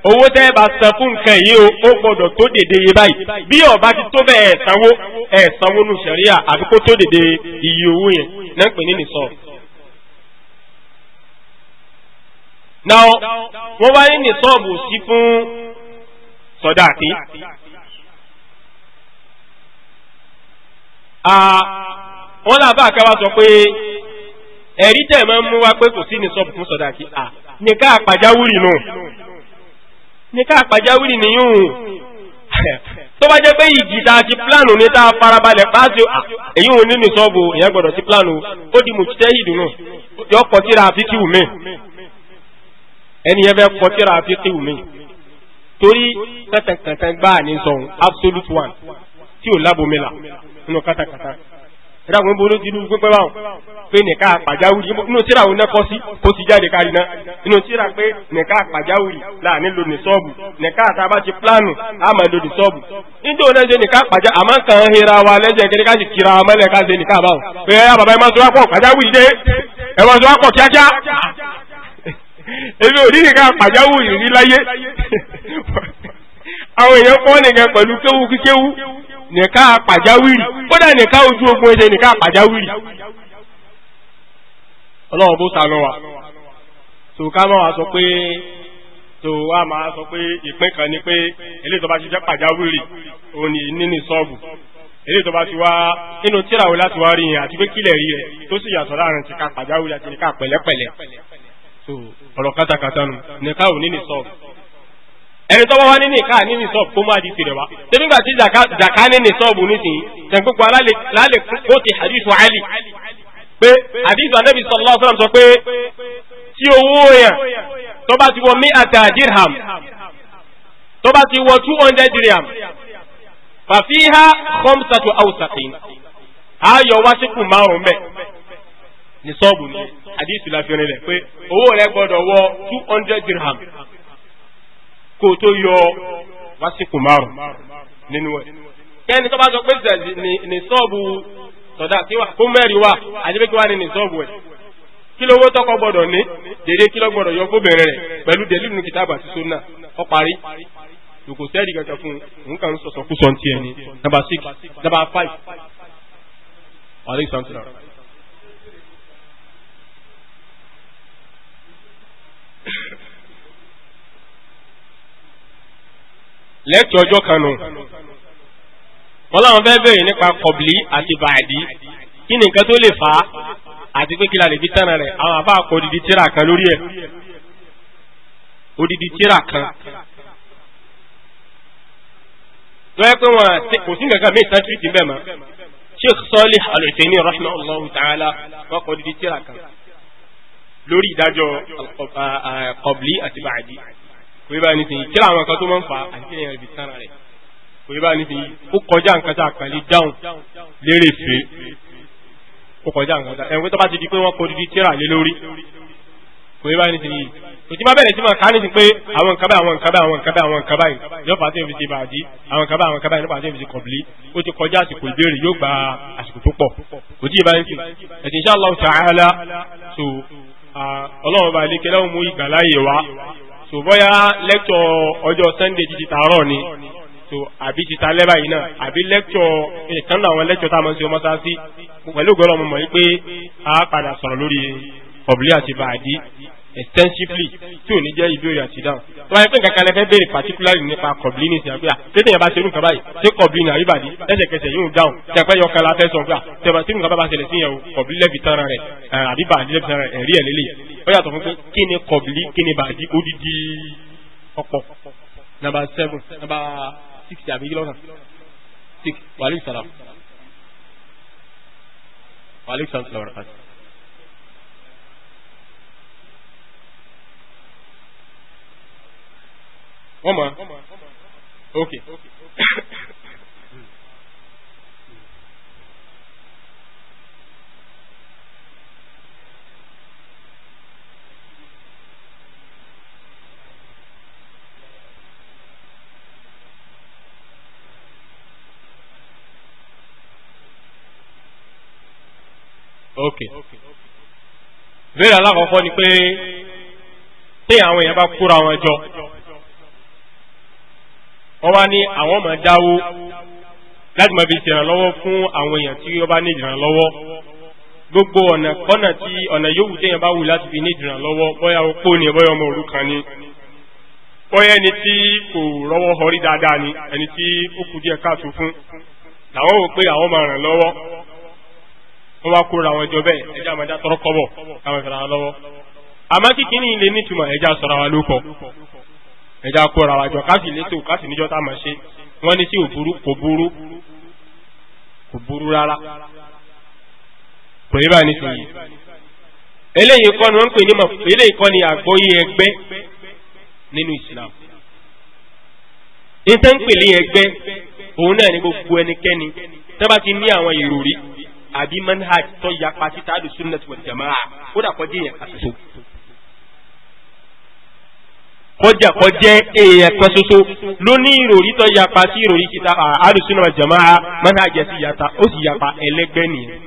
owó tẹ́ bá san fún nǹkan yìí ó gbọ́dọ̀ tó dèdè iye báyìí bí ọba ti tó bẹ́ẹ̀ ẹ̀sánwó ẹ̀sánwó nù ṣẹ̀rí àfi kó tó dèdè iye owó yẹn náà pè ní nìsọ́ọ̀bù. náà wọ́n wá ní nìsọ́ọ̀bù sí fún sọ̀dáàkì. wọ́n làbá àkàwà sọ pé ẹ̀rí tẹ̀ máa ń mú wá pé kò sí ní sọ́ọ̀bù fún sọ̀dáàkì à nìka àpàjáwìrì nù nìka àpàjáwìrì nìyún tó bá jẹ́ pé ìjì tá a ti pílánù ní tá a farabalẹ̀ pàṣẹ èyí òun nínú sọ́ọ̀bù ìyẹn gbọ́dọ̀ ti pílánù ó di mùtítẹ́ ìdùnnú yọ kọtíra àfikíwù mi ẹni yẹn fẹ́ kọtíra àfikíwù mi torí kàtàkàtà gbáà ní sọ̀hún absolute one tí ò lábòmílà nínú kàtàkàtà ìdáhùn ìbò olóòtú inú pípẹ́ báwọn pé nìka pàjáwìrì inú tíra òun náà kọ́ sí kó sì jáde kárí náà inú tíra pé nìka pàjáwìrì là nílò ní sọ́ọ̀bù nìka àtàbá ti plánù àmọ́ ìlò ní sọ́ọ̀bù níjó náà ṣe nìka pàjá àmọ́ kàn ń hera wa lẹ́jẹ̀ kiri ká sì kira wa mọ́lẹ̀ ká ṣe nìka báwọn pé ẹ ah, bàbá ẹ máa sọ wákọ̀ pàjáwìrì dé ẹ máa sọ wákọ̀ kíákíá èmi ò ní nìka pàjáwìrì rí láyé àwọn èèyàn kọ́ nìkan pẹ̀lú kéwu kíkéwu nìka pàjáwìrì kódà nìka ojú ogun ẹsẹ̀ nìka pàjáwìrì ọlọ́run bó sànú wa tó ká máa wá sọ pé tó wá máa sọ pé ìpín kan ni pé eléyìí tó bá ti jẹ́ pàjáwìrì òun ni níní sọ́ọ̀bù eléyìí tó bá ti wá nínú tíráwé láti wá rí yẹn àti pé kílẹ̀ rí rẹ̀ tó sì yàtọ̀ láàrin ti ká pàjáwìrì àti nìka pẹ̀lẹ́pẹ̀lẹ́ tó ọ̀rọ̀ kátàkátà nù nìka òun níní sọ́ọ̀bù ẹni tọ́wọ́ wá nínú ìka ní nìsọ́ọ̀bù kó máa di tirẹ̀ wá tẹ́bí gbà tí zaka ní nìsọ́ọ̀bù nísìnyí tẹ̀gbọ́gbọ́ alálẹ̀ kó ti hadithu ali pé hadithu anabi sallallahu alaihi wasallam sọ pé tí owó yẹn tó bá ti wọ mí àtà dirham tó bá ti wọ two hundred dirham fàfíhà khamsatu awsaqin ayọ̀ wá síkù márùn-ún bẹ́ẹ̀ nìsọ́ọ̀bù ni hadithu la fi kó o tó yọ wásìkò márùn nínú ẹ̀. kẹ́ni tó bá sọ pé ni ní sọ́ọ̀bù sọ̀dá tí wà kó mẹ́rin wà àdébẹ́kí wà ní ní sọ́ọ̀bù ẹ̀. kí lówó tọkọ gbọ́dọ̀ ní dédé kí ló gbọ́dọ̀ yọ fóbìnrin rẹ̀ pẹ̀lú délùú nù kìtàbà àti sunna ó parí kò sẹ́ẹ̀rì kankan fún un nǹkan sọ̀sọ̀ kú sọ̀ntì ẹni nàbà six nàbà five. wàhálà ìsàmùsùn náà. lẹ́tọ̀ ọjọ́ kan nù wọ́n láwọn fẹ́ bẹ̀rẹ̀ nípa kọ̀bìlì àti bàdí kí ni nǹkan tó lè fà á àti pé kí la lè fi tánà rẹ̀ àwọn àbá kọ odidi tíra kan lórí ẹ̀ odidi tíra kan lọ́yẹ́ pé wọn kò sí nǹkan mí ìtàn tìrìtì bẹ́ẹ̀ mọ́ Sheikh Salih Al-Uthaymeen ní rahimahullahu ta'ala wọ́n kọ odidi tíra kan lórí ìdájọ́ uh, uh, kọ̀bìlì àti bàdí kò yẹ báyìí nísìnyí kí làwọn kan tó máa ń fa àìsíyàn ibi sára rẹ̀ kò yẹ báyìí nísìnyí ó kọjá nǹkan tá a kàn lè dáhùn lérè fè ó kọjá nǹkan tá ẹ̀wọ́n tó bá ti di pé wọ́n kọ dídí tíra lé lórí kò yẹ báyìí nísìnyí òtí máa bẹ̀rẹ̀ sí máa ká nísìnyí pé àwọn nǹkan báyìí àwọn nǹkan báyìí àwọn nǹkan báyìí àwọn nǹkan báyìí yóò fà á fi ṣe bàdí àwọn nǹkan báyìí àwọn nǹkan báyìí nípa tẹ̀ fi ṣe kọ̀bìlì so bóyá lẹ́kítọ̀ ọjọ́ sunday ti ti tààrọ̀ ni so àbí ti ta lẹ́bà yìí náà àbí lẹ́kítọ̀ ìkan náà àwọn lẹ́kítọ̀ tá a máa ń ṣe mọ́sáàsì pẹ̀lú ògbọ́lọ́ mọ̀ mọ́ yìí a padà sọ̀rọ̀ lórí ọ̀bùlé àti bàdí extensively tí ò ní jẹ́ ìbéèrè àti ìdáhùn tó bá yẹ pé nǹkan kan lẹ fẹ́ béèrè particularly nípa kọ̀bìlì ní ìsìn àgbéyà tí èèyàn bá ṣe irú nǹkan báyìí ṣé kọ̀bìlì ní àríbàdí lẹ́sẹ̀kẹsẹ̀ yóò dáhùn tí a pẹ́ yọ kan la fẹ́ sọ gbà tẹ̀bà tí nǹkan bá ṣẹlẹ̀ sí yẹn o kọ̀bìlì lẹ́bi tán rẹ̀ àríbàdí lẹ́bi tán rẹ̀ ẹ̀rí ẹ̀ lélẹ̀ ó yàtọ̀ fún pé kí ni kọ̀bìlì kí ni bàdí odidi ọ̀pọ̀ number seven number six àbí kílọ̀nà six wàlúù sàlám wàlúù sàlám wọ́n mọ̀ ok. ok ìbéèrè alákọ̀ọ́kọ́ ni pé tí àwọn èèyàn bá kóra wọn jọ wọ́n wá ní àwọn ọmọ dáwó láti máa fi ṣèrànlọ́wọ́ fún àwọn èèyàn tí ó bá ní ìrànlọ́wọ́ gbogbo ọ̀nà kọ́nà tí ọ̀nà yóò téèyàn bá wù láti fi ní ìrànlọ́wọ́ bóyá opó ni bóyá ọmọ òrukàn ni bóyá ẹni tí kò rọ́wọ́ họrí dáadáa ni ẹni tí ó kù díẹ̀ káàtó fún làwọn wò pé àwọn máa ràn lọ́wọ́ wọ́n wá kóra àwọn ìjọ bẹ́ẹ̀ ẹja àmọ́já tọrọ kọ́bọ̀ káwọn ìfẹ́ lọ́wọ́ àmọ́ kíkiní ilé nítumọ̀ ẹja sọ̀rọ̀ wa lóko ẹja kóra wa jọ káfí létò káfí níjọ tá a máa ṣe wọn ní sí òburú kò burú kò burú rárá kò yí bá ní sèyí eléyìí kọ́ ni wọ́n ń pè ní mọ̀ eléyìí kọ́ ni àgbọ́yé ẹgbẹ́ nínú Islam níta ń pè ní ẹgbẹ́ òun náà ní gbogbo ẹnikẹ́ni tá bá ti ní àwọn ìròrí àbí manhaj tó yapa sí tàdùsùn network jama'a kódà kọjá yẹn àṣìṣe kọjá kọjẹ́ èèyàn kan ṣoṣo ló ní ìròrí tó yapa sí ìròrí kíta àlùsùnà jàmáà manhajẹ sí yàtà ó sì yapa ẹlẹ́gbẹ́ nìyẹn.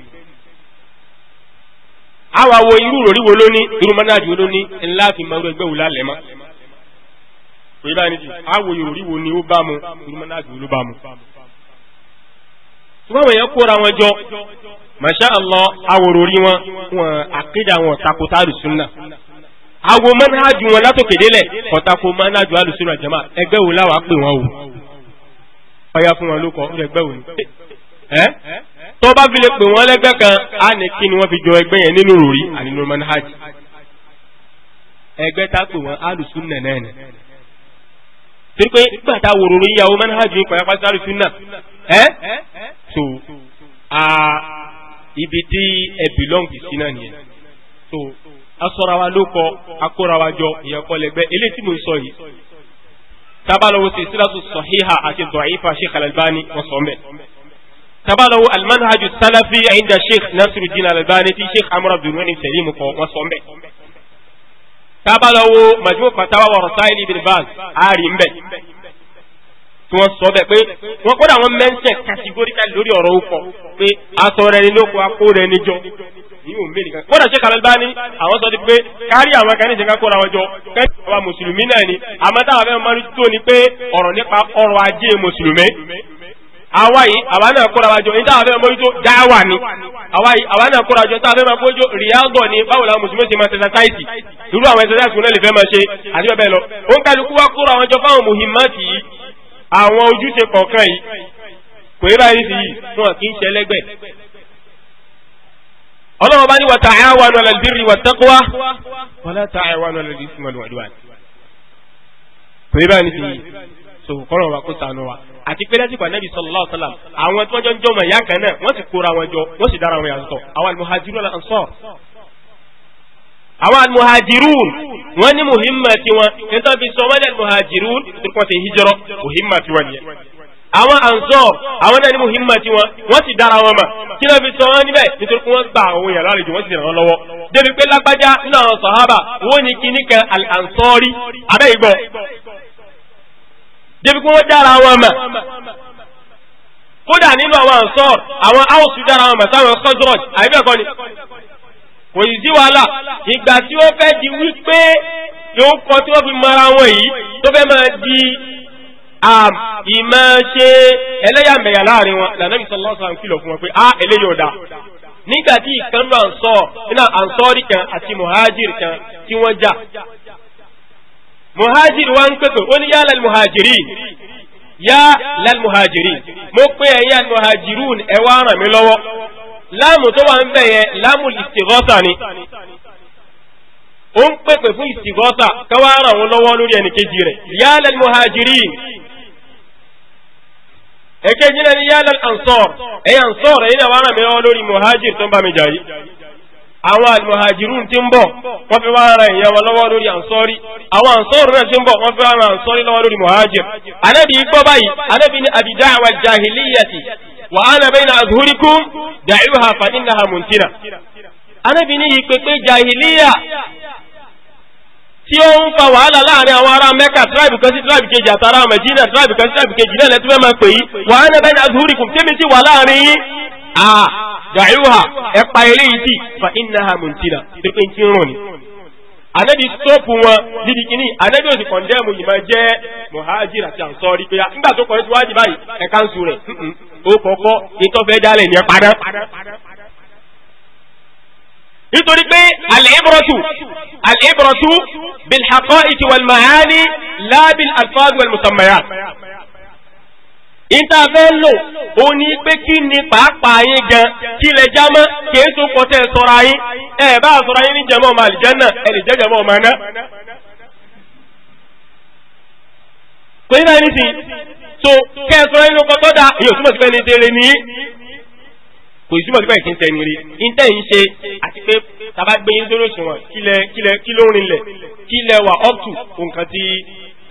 àwa wo irú ìròrí wo ló ní irú manhajẹ wo ló ní ńlá fi máa ẹgbẹ́ wò lálẹ́ mọ́. òye báyìí àwo ìròrí wo ni ó bá mu irú manhajẹ wo ló bá mu. ṣùgbọ́n àwọn èèyàn kóra wọn jọ masha Allah àwòrò rí wọn wọn àkídà wọn takò tá àlùsùnà àwo manhaju wọn látòkè délẹ̀ kọ̀tàkó manhaju alùsùnà jama ẹgbẹ́ wo láwàá pè wọ́n o ọya fún wọn ló kọ ẹgbẹ́ wo ni ẹ́ tó bá fi lè pè wọ́n lẹ́gbẹ́ kan á ní kí ni wọ́n fi jọ ẹgbẹ́ yẹn nínú ròrí ànínú manhaj ẹgbẹ́ tá pè wọ́n alùsùnà náà ni torí pé nígbà tá a wò ròrí ìyàwó manhaj yìí pàápàá sí alùsùnà ẹ́ so ibi tí ẹ bìlọ́ǹgì sí náà nìyẹn asọ́ra wa ló kọ akóra wa jọ ìyẹn kọ́ lẹ́gbẹ́ eléyìí tí mo ń sọ yìí tabalawo silsilatu sahiha àti dọ̀ífà sheikh alalbani wọ́n sọ mẹ́ tabalawo almanhaju salafi inda sheikh nasiruddin alalbani ti sheikh amr abdulwani salim kọ wọ́n tabalawo majmu fatawa wa rasaili bin baz ari mbẹ́ tí wọ́n sọ bẹ́ẹ̀ pé wọ́n kọ́dà wọ́n mẹ́ńsẹ̀ kàṣígóríkà lórí ọ̀rọ̀ òkọ̀ pé aṣọ rẹ̀ ni lóko akó rẹ̀ ni jọ ní òun mẹ́rin kan kódà ṣe kàlẹ́ bá ní àwọn sọ pé kárí àwọn kan ìṣẹ̀ká kóra wọn jọ kẹ́sì àwa mùsùlùmí náà ni àmọ́ táwọn abẹ́ máa ń tó ni pé ọ̀rọ̀ nípa ọrọ̀ ajé mùsùlùmí àwa yìí àwa náà kóra wa jọ ní táwọn abẹ́ máa mójútó dáwà ni àwa yìí àwa náà kóra jọ táwọn abẹ́ máa mójútó rìádọ̀ ni báwo la mùsùlùmí ṣe máa ṣe ṣàtàìsì irú àwọn ẹ̀ṣẹ̀ láti fún náà lè fẹ́ máa ṣe àti bẹ́ẹ̀ lọ. ó ń kálukú wá kóra àwọn ojúṣe kọ̀ọ̀kan yìí kò rí báyìí sí yìí fún àkí ń ṣẹlẹ́gbẹ̀. ọlọ́run bá ní wa ta'awanu 'alal birri wattaqwa wa la ta'awanu 'alal ithmi wal 'udwan. kò rí báyìí sí yìí so kọ́rọ̀ wa kó sànù wa àti pé lásìkò ànábì sallallahu alaihi wasallam àwọn tí wọ́n jọ ń jọmọ̀ ìyá kan náà wọ́n sì kóra wọn jọ wọ́n sì dára wọn yàtọ̀ àwọn al-muhajirun wal àwọn almuhajirun wọ́n ní muhimma tiwọn nítorí fi sọ wọ́n ní almuhajirun nítorí wọ́n ti hijrọ́ muhimma tiwọn nìyẹn àwọn àǹsọ́ àwọn náà ní muhimma tiwọn wọ́n sì dára wọn mà kí náà fi sọ wọ́n níbẹ̀ nítorí pé wọ́n gba àwọn èèyàn lálejò wọ́n sì ràn wọ́n lọ́wọ́ débi pé lágbájá nínú àwọn sàhábà wọ́n ní kíní kan àǹsọ́rí abẹ́ ìgbọ́ débi pé wọ́n dára wọn mà kódà nínú àwọn àǹsọ́ àwọn áwòsù dára wọn mà sáwọn kọ́sọ́rọ̀ àìbẹ́ẹ̀kọ́ ni kò yìí sí wàhálà ìgbà tí ó fẹ́ di wípé ló ń kọ tí wọ́n fi mara wọn yìí tó fẹ́ máa di ìmọ̀ ṣe ẹlẹ́yàmẹ̀yà láàrin wọn lànàbí sallallahu alaihi wasallam kìlọ̀ fún wọn pé á ah, eléyìí ò dáa nígbà tí ìkànnù àǹsọ́ nínú àǹsọ́rí kan àti muhajir kan tí wọ́n jà muhajir wa ń pèpè ó ní yá lal muhajirin yá lal muhajirin mo pé ẹ̀yà muhajirun ẹ wá ràn mí lọ́wọ́ láàmù tó wà ń bẹ̀ yẹn láàmù ìsìgọ́sà ni ó ń pèpè fún ìsìgọ́sà káwá ràn wọn lọ́wọ́ lórí ẹnìkejì rẹ̀ yálẹ̀ muhajirin èkejì náà ni yálẹ̀ ansọ́r ẹ̀yà ansọ́r ẹ̀yìn náà wà ràn mí lọ́wọ́ lórí muhajir tó ń bá mi jà yìí àwọn almuhajirun ti ń bọ̀ wọ́n fi wá ran ìyẹn wọn lọ́wọ́ lórí ansọ́rí àwọn ansọ́rí náà ti ń bọ̀ wọ́n fi wá ran ansọ́rí lọ́wọ́ lórí muhajir anábì gbọ́ báyìí anábì ní àbídá àwọn jahiliyati wàhálà bẹ́ẹ̀ ní azhurikum da'uha fa innaha muntina anábì ní yìí pépé jahiliya tí ó ń fa wàhálà láàrin àwọn ará mẹ́kà tribe kan sí tribe kejì àtàrà mẹ́jìnà tribe kan sí tribe kejì náà lẹ́tí fẹ́ pè yí wàhálà bẹ́ẹ̀ ní azhurikum tẹ́mi sí wà láàrin yín à da'uha ẹ̀pa eléyìí tì fa innaha muntina pépé ń ti rùn ni anabi stọọpù wọn níbi kìíní anabi ò sì kọ̀ndẹ́mù yìí máa jẹ́ mohajir àti ansori pé ah, nígbà tó kọ̀ọ́ síwájú báyìí ẹ̀ka ń su rẹ̀ ó kọ̀ọ̀kọ́ ìtọ́fẹ́ jálẹ̀ ní ẹ̀padà. nítorí pé al-ibratu al-ibratu bil haqa'iqi wal ma'ani ìtafẹ́ lò ó ní pé kí ni pàápàá yín gan kí lẹ já mọ́ kìí tún kọtẹ́ sọ́ra yín ẹ bá sọ́ra yín ní jẹmọ́ ọmọ àlìjẹ́nà ẹ lè jẹ́ jẹmọ́ ọmọ náà. pé náà ní sí so kẹ́ ẹ sọ́ra yín ló kọ́ tó dáa èyí ò túmọ̀ sí pé ní tẹ́lẹ̀ ní kò sí túmọ̀ kí n tẹ̀ ní rí ìtẹ̀ yín ṣe àti pé tàbá gbé yín sórí òṣùwọ̀n kí ló ń rinlẹ̀ kí lẹ wà up nǹkan tí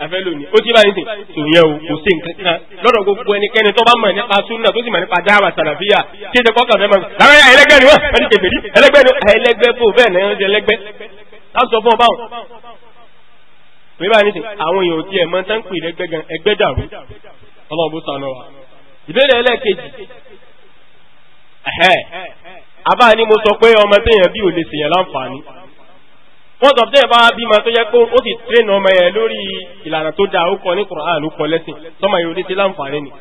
afẹ́ lónìí ó ti bá ní sìn tó yẹ o kò sí nǹkan kan lọ́dọ̀ gbogbo ẹnikẹ́ni tó bá mọ̀ nípa súnà tó sì mọ̀ nípa dáhà sàlàfíà tí ó ti kọ́ kàfẹ́ mọ̀ láwọn ẹ̀yà ẹlẹ́gbẹ́ ni wọ́n ẹni tẹ̀gbẹ́ rí ẹlẹ́gbẹ́ ni ẹlẹ́gbẹ́ fò bẹ́ẹ̀ náà ń ṣe ẹlẹ́gbẹ́ láti sọ fún ọba wọn. tó yẹ bá ní sìn àwọn èèyàn tiẹ̀ mọ tán pè lẹ́gbẹ́ gan ẹgbẹ́ dàrú ọlọ́run bó sànù wa. ìbéèrè ẹlẹ́ẹ̀kejì àbá ni mo sọ pé ọmọ téèyàn bí ò lè ṣèyàn láǹfààní wọ́n tọ̀ tẹ́ẹ̀ bá bímọ tó yẹ pé ó sì tẹ́nà ọmọ ẹ̀ lórí ìlànà tó dáa ó kọ ní Kùránì ló kọ lẹ́sìn tọ́mọ yóò dé sí láǹfààní ni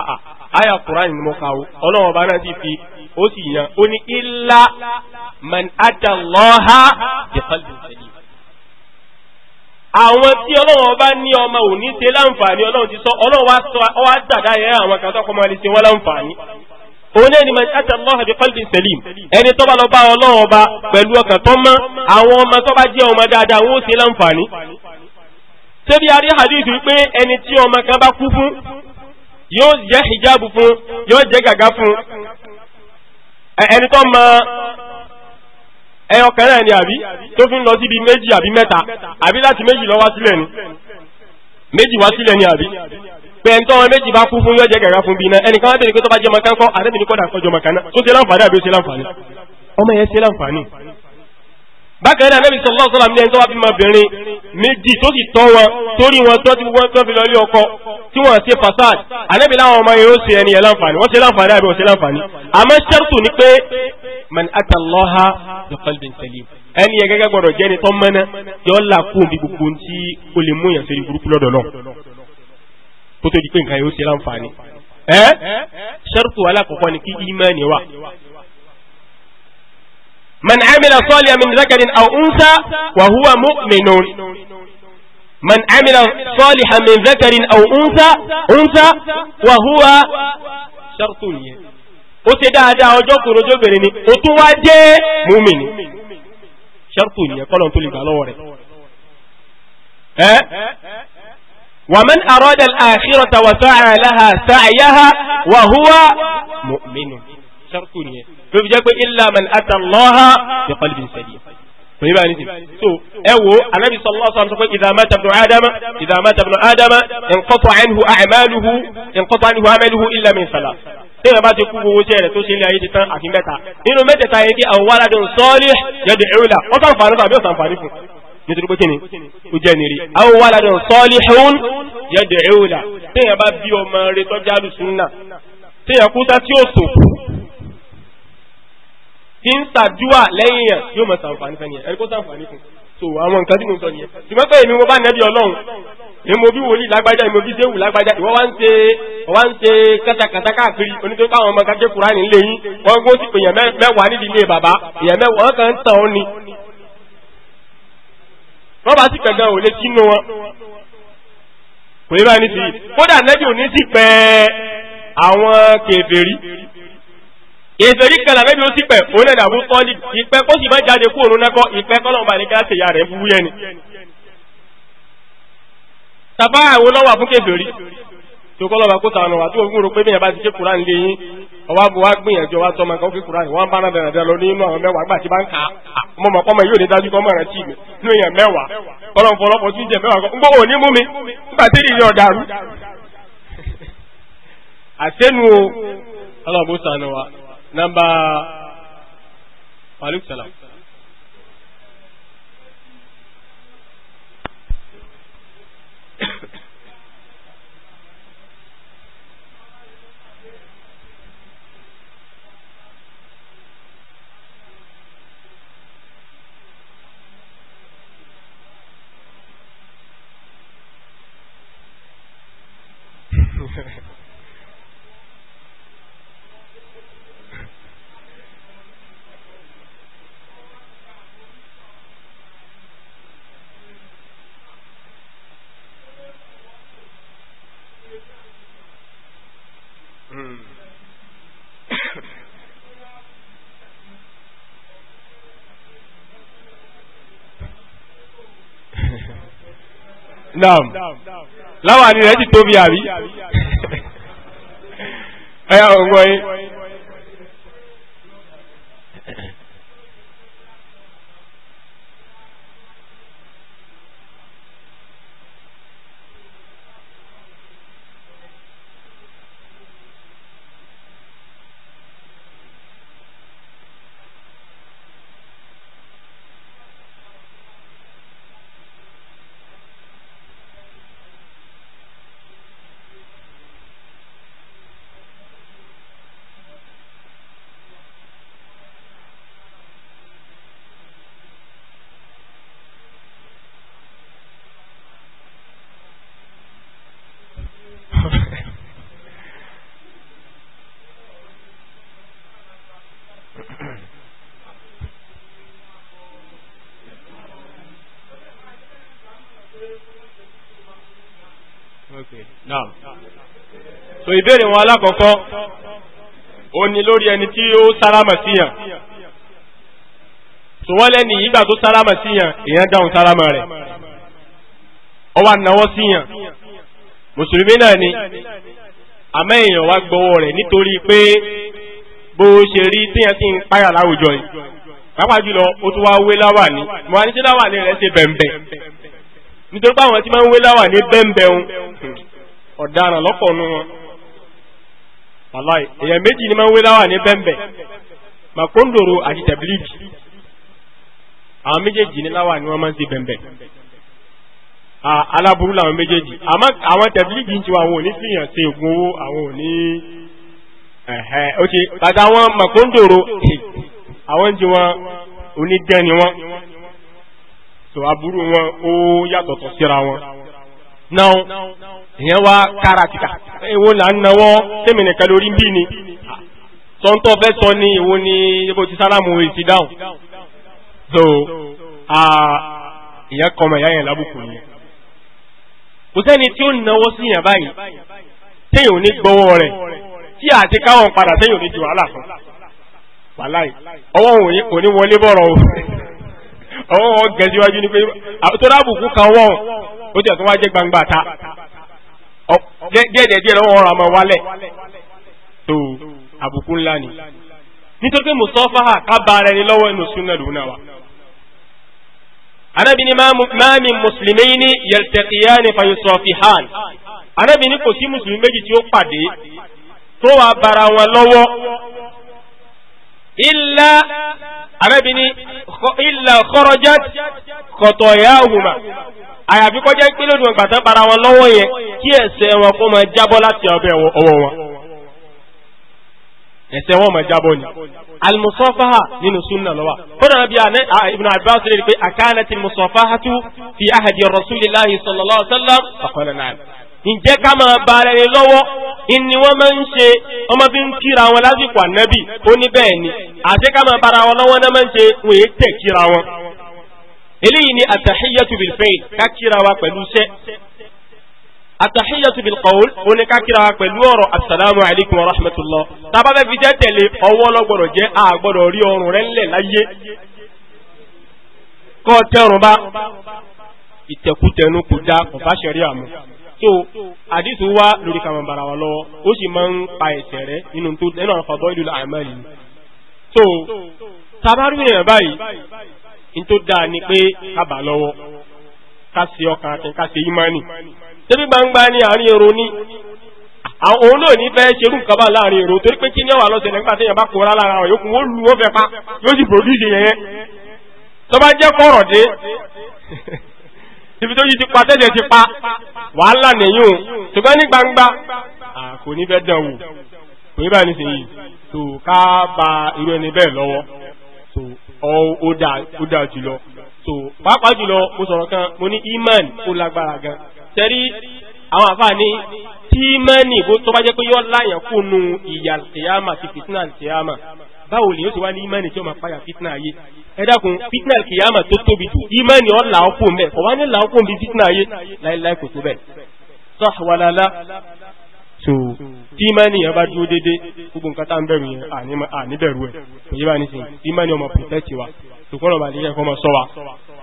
àà àyà Kùránì ni mo kà ó ọlọ́run ọba náà sì fi ó sì yan ó ní ilá man adàlọ́ha ìfọ̀lù ìfẹ̀lì. àwọn tí ọlọ́run ọba ní ọmọ ò ní ṣe láǹfààní ọlọ́run ti sọ ọlọ́run wá sọ ọ wá dàda yẹ àwọn kan tó kọ́ máa lè ṣe wọ́n láǹfààní òun ẹni máa ṣáàtà lọ́hà bí kọ́lbìn sẹ́lìm ẹni tó bá lọ bá ọlọ́run ọba pẹ̀lú ọkàn tó mọ́ àwọn ọmọ tó bá jẹ́ ọmọ dáadáa wọ́n ó ṣe láǹfààní. ṣebí arí hadith wípé ẹni tí ọmọ kan bá kú fún yóò jẹ́ hijab fún yóò jẹ́ gàgá fún ẹni tó mọ ẹyọ kan ni àbí tó fi ń lọ síbi méjì àbí mẹ́ta àbí láti méjì lọ wá sílẹ̀ ni méjì wá sílẹ̀ ni àbí pẹ̀ntọ́ wọn méjì bá kú fún yọ́jẹ́ gàgà fún bí iná ẹnìkan wá bèèrè pé tó bá jẹ́ ọmọ kan kọ́ àdébìnrin kọ́dà kọjọ ọmọ kan náà tó ṣe láǹfààní àbí ó ṣe láǹfààní ọmọ yẹn ṣe láǹfààní. bákan náà Ànábì sallallahu alaihi wasallam ní ẹni tó wá bímọ obìnrin méjì tó sì tọ́ wọn torí wọn tọ́ tí wọ́n tọ́ fi lọ ilé ọkọ tí wọ́n ṣe fasad Ànábì láwọn ọmọ yẹn ó ṣe ẹni yẹn láǹfààní wọ́n ṣe láǹfààní àbí wọ́n ṣe láǹfààní àmọ́ ṣẹ́rùtù ni pé man ata Allaha bi qalbin salim ẹni yẹn gẹ́gẹ́ gbọ́dọ̀ jẹ́ni tó mọ́ná yọ là kú òbí gbogbo ohun tí o lè mú yàn kó tó di pé nǹkan yóò ṣe láǹfààní ẹ́ ṣẹ́rùtù alákọ̀ọ́kọ́ ni kí ìmánì wà من عمل صالحا من ذكر أو أنثى وهو مؤمن من عمل صالحا من ذكر أو أنثى أنثى وهو شرط ó ṣe dáadáa ọjọ́ kòrò ọjọ́ bẹ̀rẹ̀ ni ó tún wá jẹ́ múmìnì ṣẹ́rùtù ìyẹn kọ́lọ̀ tó lè gbà lọ́wọ́ rẹ̀ ومن أراد الآخرة وسعى لها سعيها وهو مؤمن شرطوني فبجاك إلا من أتى الله بقلب سليم فيبقى نسيب أو النبي صلى الله عليه وسلم يقول إذا مات ابن آدم إذا مات ابن آدم انقطع عنه أعماله انقطع عنه عمله إلا من ثلاث tẹ́yà bá ti kú gbogbo iṣẹ́ rẹ̀ tó ṣe ilé ayé ti tán àfi mẹ́ta nínú mẹ́tẹ̀ẹ̀ta yẹn kí àwọn wàládùn sọ́ọ́lì nítorí pé kíni ó jẹ́ nìrí àwọn wà ládùn salihun yad'u la téèyàn bá bí ọmọ rẹ̀ tọ́jà lùsùnà téèyàn kúta tí ó sùn tí ń sàdúà lẹ́yìn yàn yóò mọ̀ sàǹfààní fẹ́ nìyẹn ẹ̀rí kó sàǹfààní fún so àwọn nǹkan tí mo sọ nìyẹn ṣùgbọ́n pé èmi mo bá nẹ́bí ọlọ́run èmi mo bí wòlíì lágbájá èmi mo bí déwù lágbájá ìwọ wá ń ṣe wá ń ṣe kátàkátà káàkiri onítorí káwọn ọmọ kakẹ́ kura nílé yín wọ́n gbó sí pé èèyàn mẹ́wàá nídìí ilé bàbá èèyàn mẹ́wàá kan ń tàn ó ni rọ́bà sì pẹ̀gàn ò lè sínú wọn kò lè báyìí nísìnyí kódà nẹ́bí ò ní sì pẹ́ àwọn kèfèrí kèfèrí kan là nẹ́bí ó sì pẹ́ òun náà dàbú tọ́lì ìpẹ́ kó sì má jáde kú òun nákọ́ ìpẹ́ kọ́ náà bá ní kíláàsì ìyá rẹ̀ fúwú yẹn ni. tàbá àwọn lọ́wọ́ àfún kèfèrí tó kọ́ lọ́ba kó sànù àti ogún rò pé bẹ́ẹ̀ bá ti ké kuran lé yín ọwọ́ bu wá gbìyànjú ọwọ́ tọ́ ma kọ́ ké kuran wọ́n bá náà dáradára lọ nínú àwọn mẹ́wàá gbà tí bá ń kà á mo mọ̀ pọ́ mọ̀ yóò ní dájú kọ́ mọ̀ràn tì mí nínú èèyàn mẹ́wàá kọ́lọ́n fọlọ́pọ̀ tún jẹ mẹ́wàá kọ́ ń ní mú mi nígbà tí ìrìn ọ̀dàrú. àṣẹnu o alábò sànù wa nàmbà wàlúù sàlám. Thank you. Naam. Láwàní rẹ̀ ti tóbi àbí. Ẹyà ògbọ́n yìí. so ìbéèrè wọn alákọ̀ọ́kọ́ ó ní lórí ẹni tí ó sálámà síyàn so wọ́n lẹ́ni ìgbà tó sálámà síyàn èèyàn dáhùn sálámà rẹ̀ ó wá náwó síyàn mùsùlùmí náà ni àmọ́ èèyàn wá gbọ́wọ́ rẹ̀ nítorí pé bó ṣe rí téèyàn ti ń páyà láwùjọ yìí pàápàá jùlọ ó tún wá wé láwàní mo wá ní ṣe láwàní rẹ̀ ṣe bẹ̀m̀bẹ̀ nítorí pé àwọn tí máa ń wé láwàní bẹ̀m̀bẹ̀ òun ọ̀daràn lọ́pọ̀ nu wọn èèyàn méjì ni máa ń wé láwà ní bẹ́ńbẹ́ màkóńdòrò àti tẹ̀blíìkì àwọn méjèèjì ní láwà ni wọ́n máa ń ṣe bẹ́ńbẹ́ aláburú làwọn méjèèjì àmọ́ àwọn tẹ̀blíìkì ń tiwọn àwọn ò ní sí ìyàn ògùn owó àwọn ò ní ẹ̀hẹ́ ok àwọn ń tiwọn onídẹ́ni wọn so aburú wọn ó yàtọ̀tọ̀ síra wọn ìyẹn wá káràtìkà èwo là ń nawọ́ tèmi nìkan lórí ń bí ni tọ́ntọ́ fẹ́ sọ ní èwo ni ibo ti sálámù èsì dáhùn so ìyẹn kọmọ ìyá yẹn lábùkù yẹn kò sẹ́ni tí ó nawọ́ sí yẹn báyìí téèyàn ò ní gbọ́wọ́ rẹ̀ tí àti káwọn padà téèyàn ò ní di wàhálà fún wàláì ọwọ́ òun kò ní wọlé bọ̀rọ̀ o ọwọ́ wọn gẹ̀ síwájú ni pé àtọ́rábùkù kan wọ́n ó jẹ́ tó wá jẹ́ gbangba ta díẹ̀díẹ̀ díẹ̀ lọ́wọ́ ọ̀rọ̀ àmọ́ wálẹ̀ tó àbùkù ńlá ni nítorí pé mùsọ́fàá kábàárà ẹni lọ́wọ́ inú súnà lòun náà wà. Ànábì ní máa min muslimayni yaltaqiyani fayusafihan Ànábì ní kò sí mùsùlùmí méjì tí ó pàdé tó wà bara wọn lọ́wọ́ illa Ànábì ní illa kharajat khatayahuma àyàfi kọjá pé lónìí wọn gbàtán para wọn lọ́wọ́ yẹn kí ẹ̀ṣẹ̀ wọn kó máa jábọ́ láti ọbẹ̀ ọwọ́ wọn ẹ̀ṣẹ̀ wọn máa jábọ́ ni almusafaha nínú sunna lọ́wọ́ kódà bí a ibn abbas rẹ̀ pé akanati musafahatu fi ahadi rasulillahi sallallahu alaihi wa sallam ǹjẹ́ ká máa ba ara ẹni lọ́wọ́ ìní wọ́n máa ń ṣe ọmọ bí ń kíra wọn lásìkò ànábì ó ní bẹ́ẹ̀ ni àti ká máa bara wọn lọ́wọ́ eléyìí ni atahiyatu bil fail kakira wa pẹ̀lú sẹ́ atahiyatu bil qawl ó ní kakira wa pẹ̀lú ọ̀rọ̀ asalaamu alaykum wa rahmatulah tábà bẹ́ẹ̀ fi jẹ́ tẹ̀lé ọwọ́ lọ́gbọ̀dọ̀ jẹ́ àgbọ̀dọ̀ rí ọrùn rẹ̀ ńlẹ̀ láyé kọ́ tẹ̀rùn bá ìtẹ̀kùtẹ̀nu kò dá kò ṣẹ̀rí àmú so àdìsù wá lórí kàmàbàrà wà lọ́wọ́ ó sì máa ń pa ẹ̀sẹ̀ rẹ̀ nínú tó nínú àwọn fàbọ́ ìlú àmàlì so tabaru yẹn báyìí ní tó dáa ni pé kábà lọ́wọ́ ká ṣe ọkàn àti ká ṣe ìmánì tẹ́bí gbangba ní àárín èrò ní àwọn òun náà ní fẹ́ ṣerú nǹkan bá láàrin èrò torí pé kí ní ọ̀wà lọ́sẹ̀ nípa tí èèyàn bá kóra lára àwọn yòókù wọ́n lu wọ́n fẹ́ pa yóò sì pòdúsì yẹn tó bá jẹ́ kọ̀rọ̀ dé ibi tó yí ti pa tẹ́lẹ̀ ti pa wàhálà nìyí o ṣùgbọ́n ní gbangba kò ní fẹ́ dán wò kò ní bá ní sèyí tó ká ba irú ẹni bẹ́ẹ̀ lọ́wọ́ ó dáa jùlọ so pàápàá jùlọ mo sọ̀rọ̀ kan mo ní iman ó lágbára gan tẹ́rí àwọn àfààní tí imani bó tó bá jẹ́ pé yọ láyàn kúnnu ìyà kìyàmà ti fìtínà kìyàmà báwo lè yóò ti wá ní imani tí ó máa pààyà fìtínà ayé ẹ dákun fìtínà kìyàmà tó tóbi jù imani ọ̀ làákùn bẹ́ẹ̀ kọ̀ wá ní làákùn bí fìtínà ayé láéláé kò tó bẹ́ẹ̀ sọ́ọ̀ṣù wàlálá so tí mẹ́ni yẹn bá dúró dédé gbogbo nǹkan tá ń bẹ̀rù yẹn àníbẹ̀rù ẹ̀ èyí bá nísìnyí tí mẹ́ni ọmọ pòtẹ́tì wa tòkọ́nà bàdí yẹn kọ́ mọ sọ wa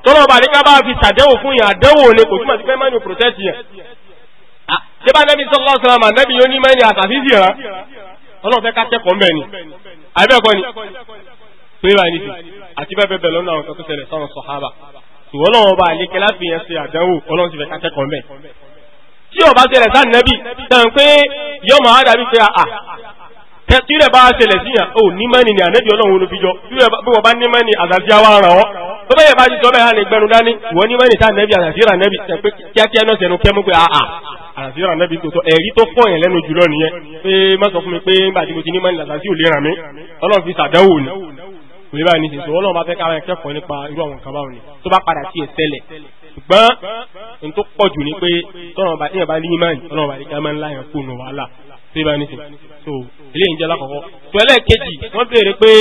tọ́nà bàdí ká bá fi sàdẹ́wò fún yẹn àdẹ́wò ni kò túmọ̀ sí pé mẹ́ni ò pòtẹ́tì yẹn ṣé bá nẹ́bí sọ́lá sọ́lámà nẹ́bí yóò ní mẹ́ni àtàfíìsì hàn ọlọ́run fẹ́ ká kẹ́kọ̀ọ́ mbẹ́ ni àbẹ́ẹ̀kọ́ ni pé bá nísìn àti bẹ́ẹ̀ bẹ́ẹ̀ lọ́nà àwọn kan tó ṣẹlẹ̀ sáwọn sọ̀hábà ṣùgbọ́n ọlọ́run ọba àlékẹ́ láti yẹn ṣe àdánwò ọlọ́run ti fẹ́ ká kẹ́kọ̀ọ́ mbẹ́ tí ó bá ṣẹlẹ̀ sáà nẹ́bì tàn pé yọmọ àdàbí pé àà ah, tí rẹ̀ bá ṣẹlẹ̀ síyàn ó ní mẹ́ni ni ànẹ́bì ọlọ́run olùfijọ́ tí rẹ̀ bí wọ́n bá ní mẹ́ni àzàzí àwa ràn ọ́ tó bẹ́yẹ̀ bá ṣiṣọ́ bẹ́ẹ̀ lè gbẹnu dání wọ́n ní mẹ́ni sáà nẹ́bì àzàzí rà nẹ́bì tẹ̀ pé kíákíá náà sẹnu kẹ́mú pé àà àzàzí rà nẹ́bì tó sọ ẹ̀rí tó fọ́ yẹn lẹ́nu jùlọ nìyẹn pé má sọ fún mi pé ṣùgbọ́n n tó pọ̀ jù ni pé tọ́nà bá tíyẹ̀ bá ní ìmáànì tọ́nà bá ìjà máa ń láyàn kó nù wàhálà tí bá nìsín so eléyìí jẹ́ lákọ̀ọ́kọ́ tó ẹlẹ́ẹ̀kejì wọ́n béèrè pé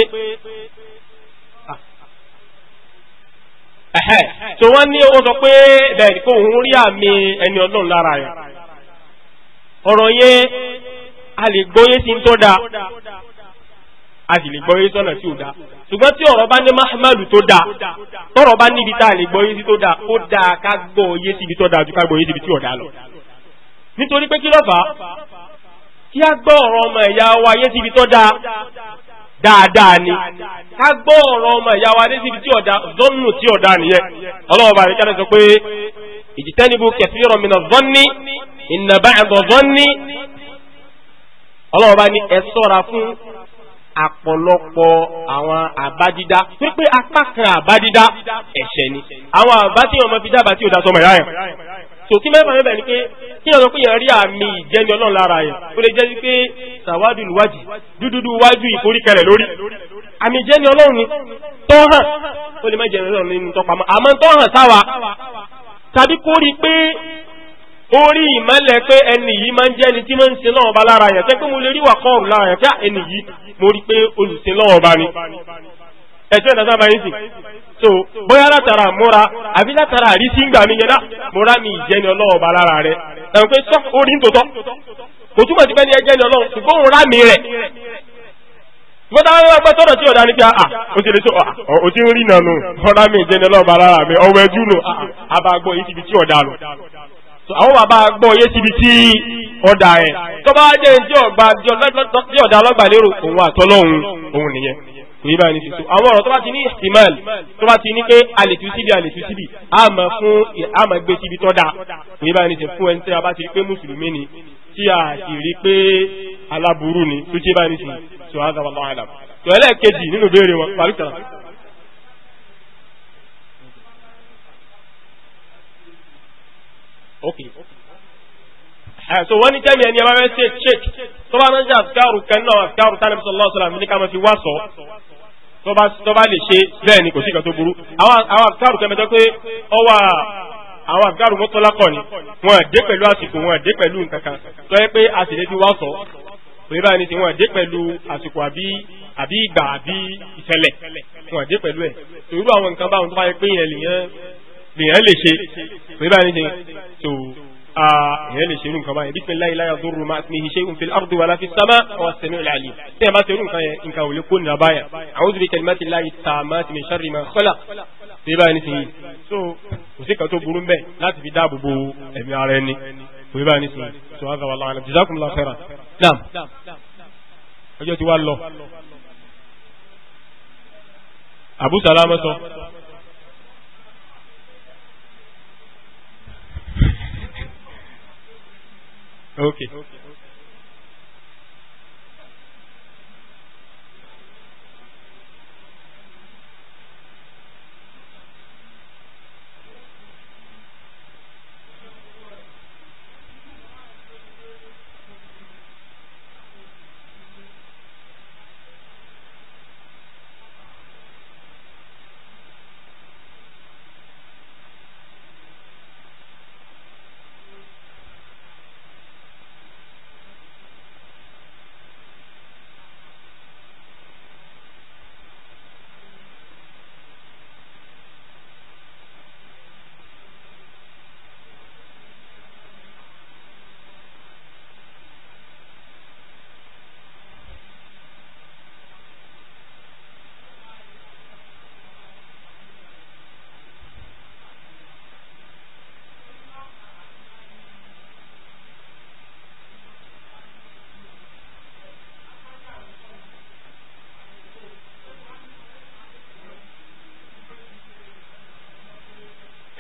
ah, ẹ̀hẹ́ tó wọ́n ní ó sọ pé bẹ́ẹ̀ kó òun rí àmì ẹni ọlọ́run lára rẹ̀ ọ̀rọ̀ yẹn a lè gbóyé sí tó dáa a sì lè gbọ́yé sọ́nà tí ò dáa ṣùgbọ́n tí ọ̀rọ̀ bá ní mahamadu tó dáa tọ́rọ̀ bá níbi tá a lè gbọ́yé sí tó dáa ó dáa ká gbọ́yé síbi tó dáa ju ká gbọ́yé síbi tí ò dáa lọ. nítorí pé kí ló fà á kí a gbọ́ ọ̀rọ̀ ọmọ ẹ̀yà wa yé síbi tó dáa dáadáa ni ká gbọ́ ọ̀rọ̀ ọmọ ẹ̀yà wa dé síbi tí ọ̀dà zọ́nù tí ọ̀dà nìyẹn ọlọ́wọ́ bá fún àpọ̀lọpọ̀ àwọn àbádídá pípé apá kan àbádídá ẹ̀ṣẹ̀ ni àwọn àbá tí wọ́n mọ́ fi dábàá tí ò dá sọmọ ìyá yẹn tòkí mẹ́fà mẹ́fà ní pé kí ọ̀nà pé yẹn rí àmì ìjẹni ọlọ́run lára yẹn tó lè jẹ́ sí pé sàwádìí lùwájì dúdúdú wájú ìforíkẹrẹ lórí àmì ìjẹni ọlọ́run ni tó hàn lè má ọlọ́run nínú tọpamọ́ àmọ́ tó hàn tàbí kó rí pé orí rí pé ẹni yìí máa ń jẹ́ ẹni tí máa ń sin lọ́wọ́ lára yẹn tẹ́ pé mo lè rí lára pé ah, ẹni yìí pé ẹ̀tọ́ ìdásá bá so bóyá látara múra àbí látara yẹn dá mo rá mi ìjẹni sọ orí ń tòótọ́ kò túmọ̀ sí pé ní ẹjẹ́ ni ṣùgbọ́n rá mi rẹ̀ tí ní pé ah, ah, ti lè ń rí nànú àwọn bàbá gbọ́ yé síbi tí ọ̀dà ẹ̀ tó bá jẹ́ ní tí ọ̀dà ọlọ́gbà lérò òun àtọ́lọ́hun òun nìyẹn kò yí báyìí nífi so àwọn ọ̀rọ̀ tó bá ti ní ìsìmáàl tó bá ti ní pé àlètú síbi àlètú síbi àmọ́ fún àmọ́ gbé síbi tó dáa kò yí báyìí nífi fún ẹni tí a bá ti rí pé mùsùlùmí ni tí a sì rí pé aláburú ni tó jẹ́ báyìí nífi so àdàbàbà àdàbà tó ẹlẹ́ẹ̀kejì nínú béèrè wọn parí ok eh, so wọ́n ní tẹ́mi ẹni ẹ bá fẹ́ ṣe check tó bá máa ń ṣe àfikáàrù kan náà àfikáàrù tánà bí sọlọ́ọ̀ sọlá ní ká máa fi wá sọ tó bá lè ṣe bẹ́ẹ̀ ni kò sí ìkan tó burú àwọn àfikáàrù kan mẹ́tọ́ pé ọwọ́ àwọn àfikáàrù mọ́tọ́lákọ̀ ni wọ́n dé pẹ̀lú àsìkò wọ́n dé pẹ̀lú nǹkan kan tó yẹ pé a sì lè fi wá sọ pé báyìí ni ti wọ́n dé pẹ̀lú lèyàn lè ṣe pé báyìí ni tó èyàn lè ṣe irú nǹkan báyìí bismillahi la yadurru ma'a ismihi shay'un fil ardi wala fis sama'i wa huwa as-sami'ul 'alim tí a bá ṣe irú nǹkan yẹn nǹkan ò kó nira báyà a'udhu bi kalimatillahi tammati min sharri ma khalaq pé báyìí ni sèyí so kò sí kan tó burú mbẹ láti fi dáàbò bo ẹ̀mí ara ẹni pé báyìí ni sèyí so wàá gbàgbà lọ́wọ́ jazakumullahu khairan naam ọjọ́ ti wá lọ Abu Salama sọ. Okay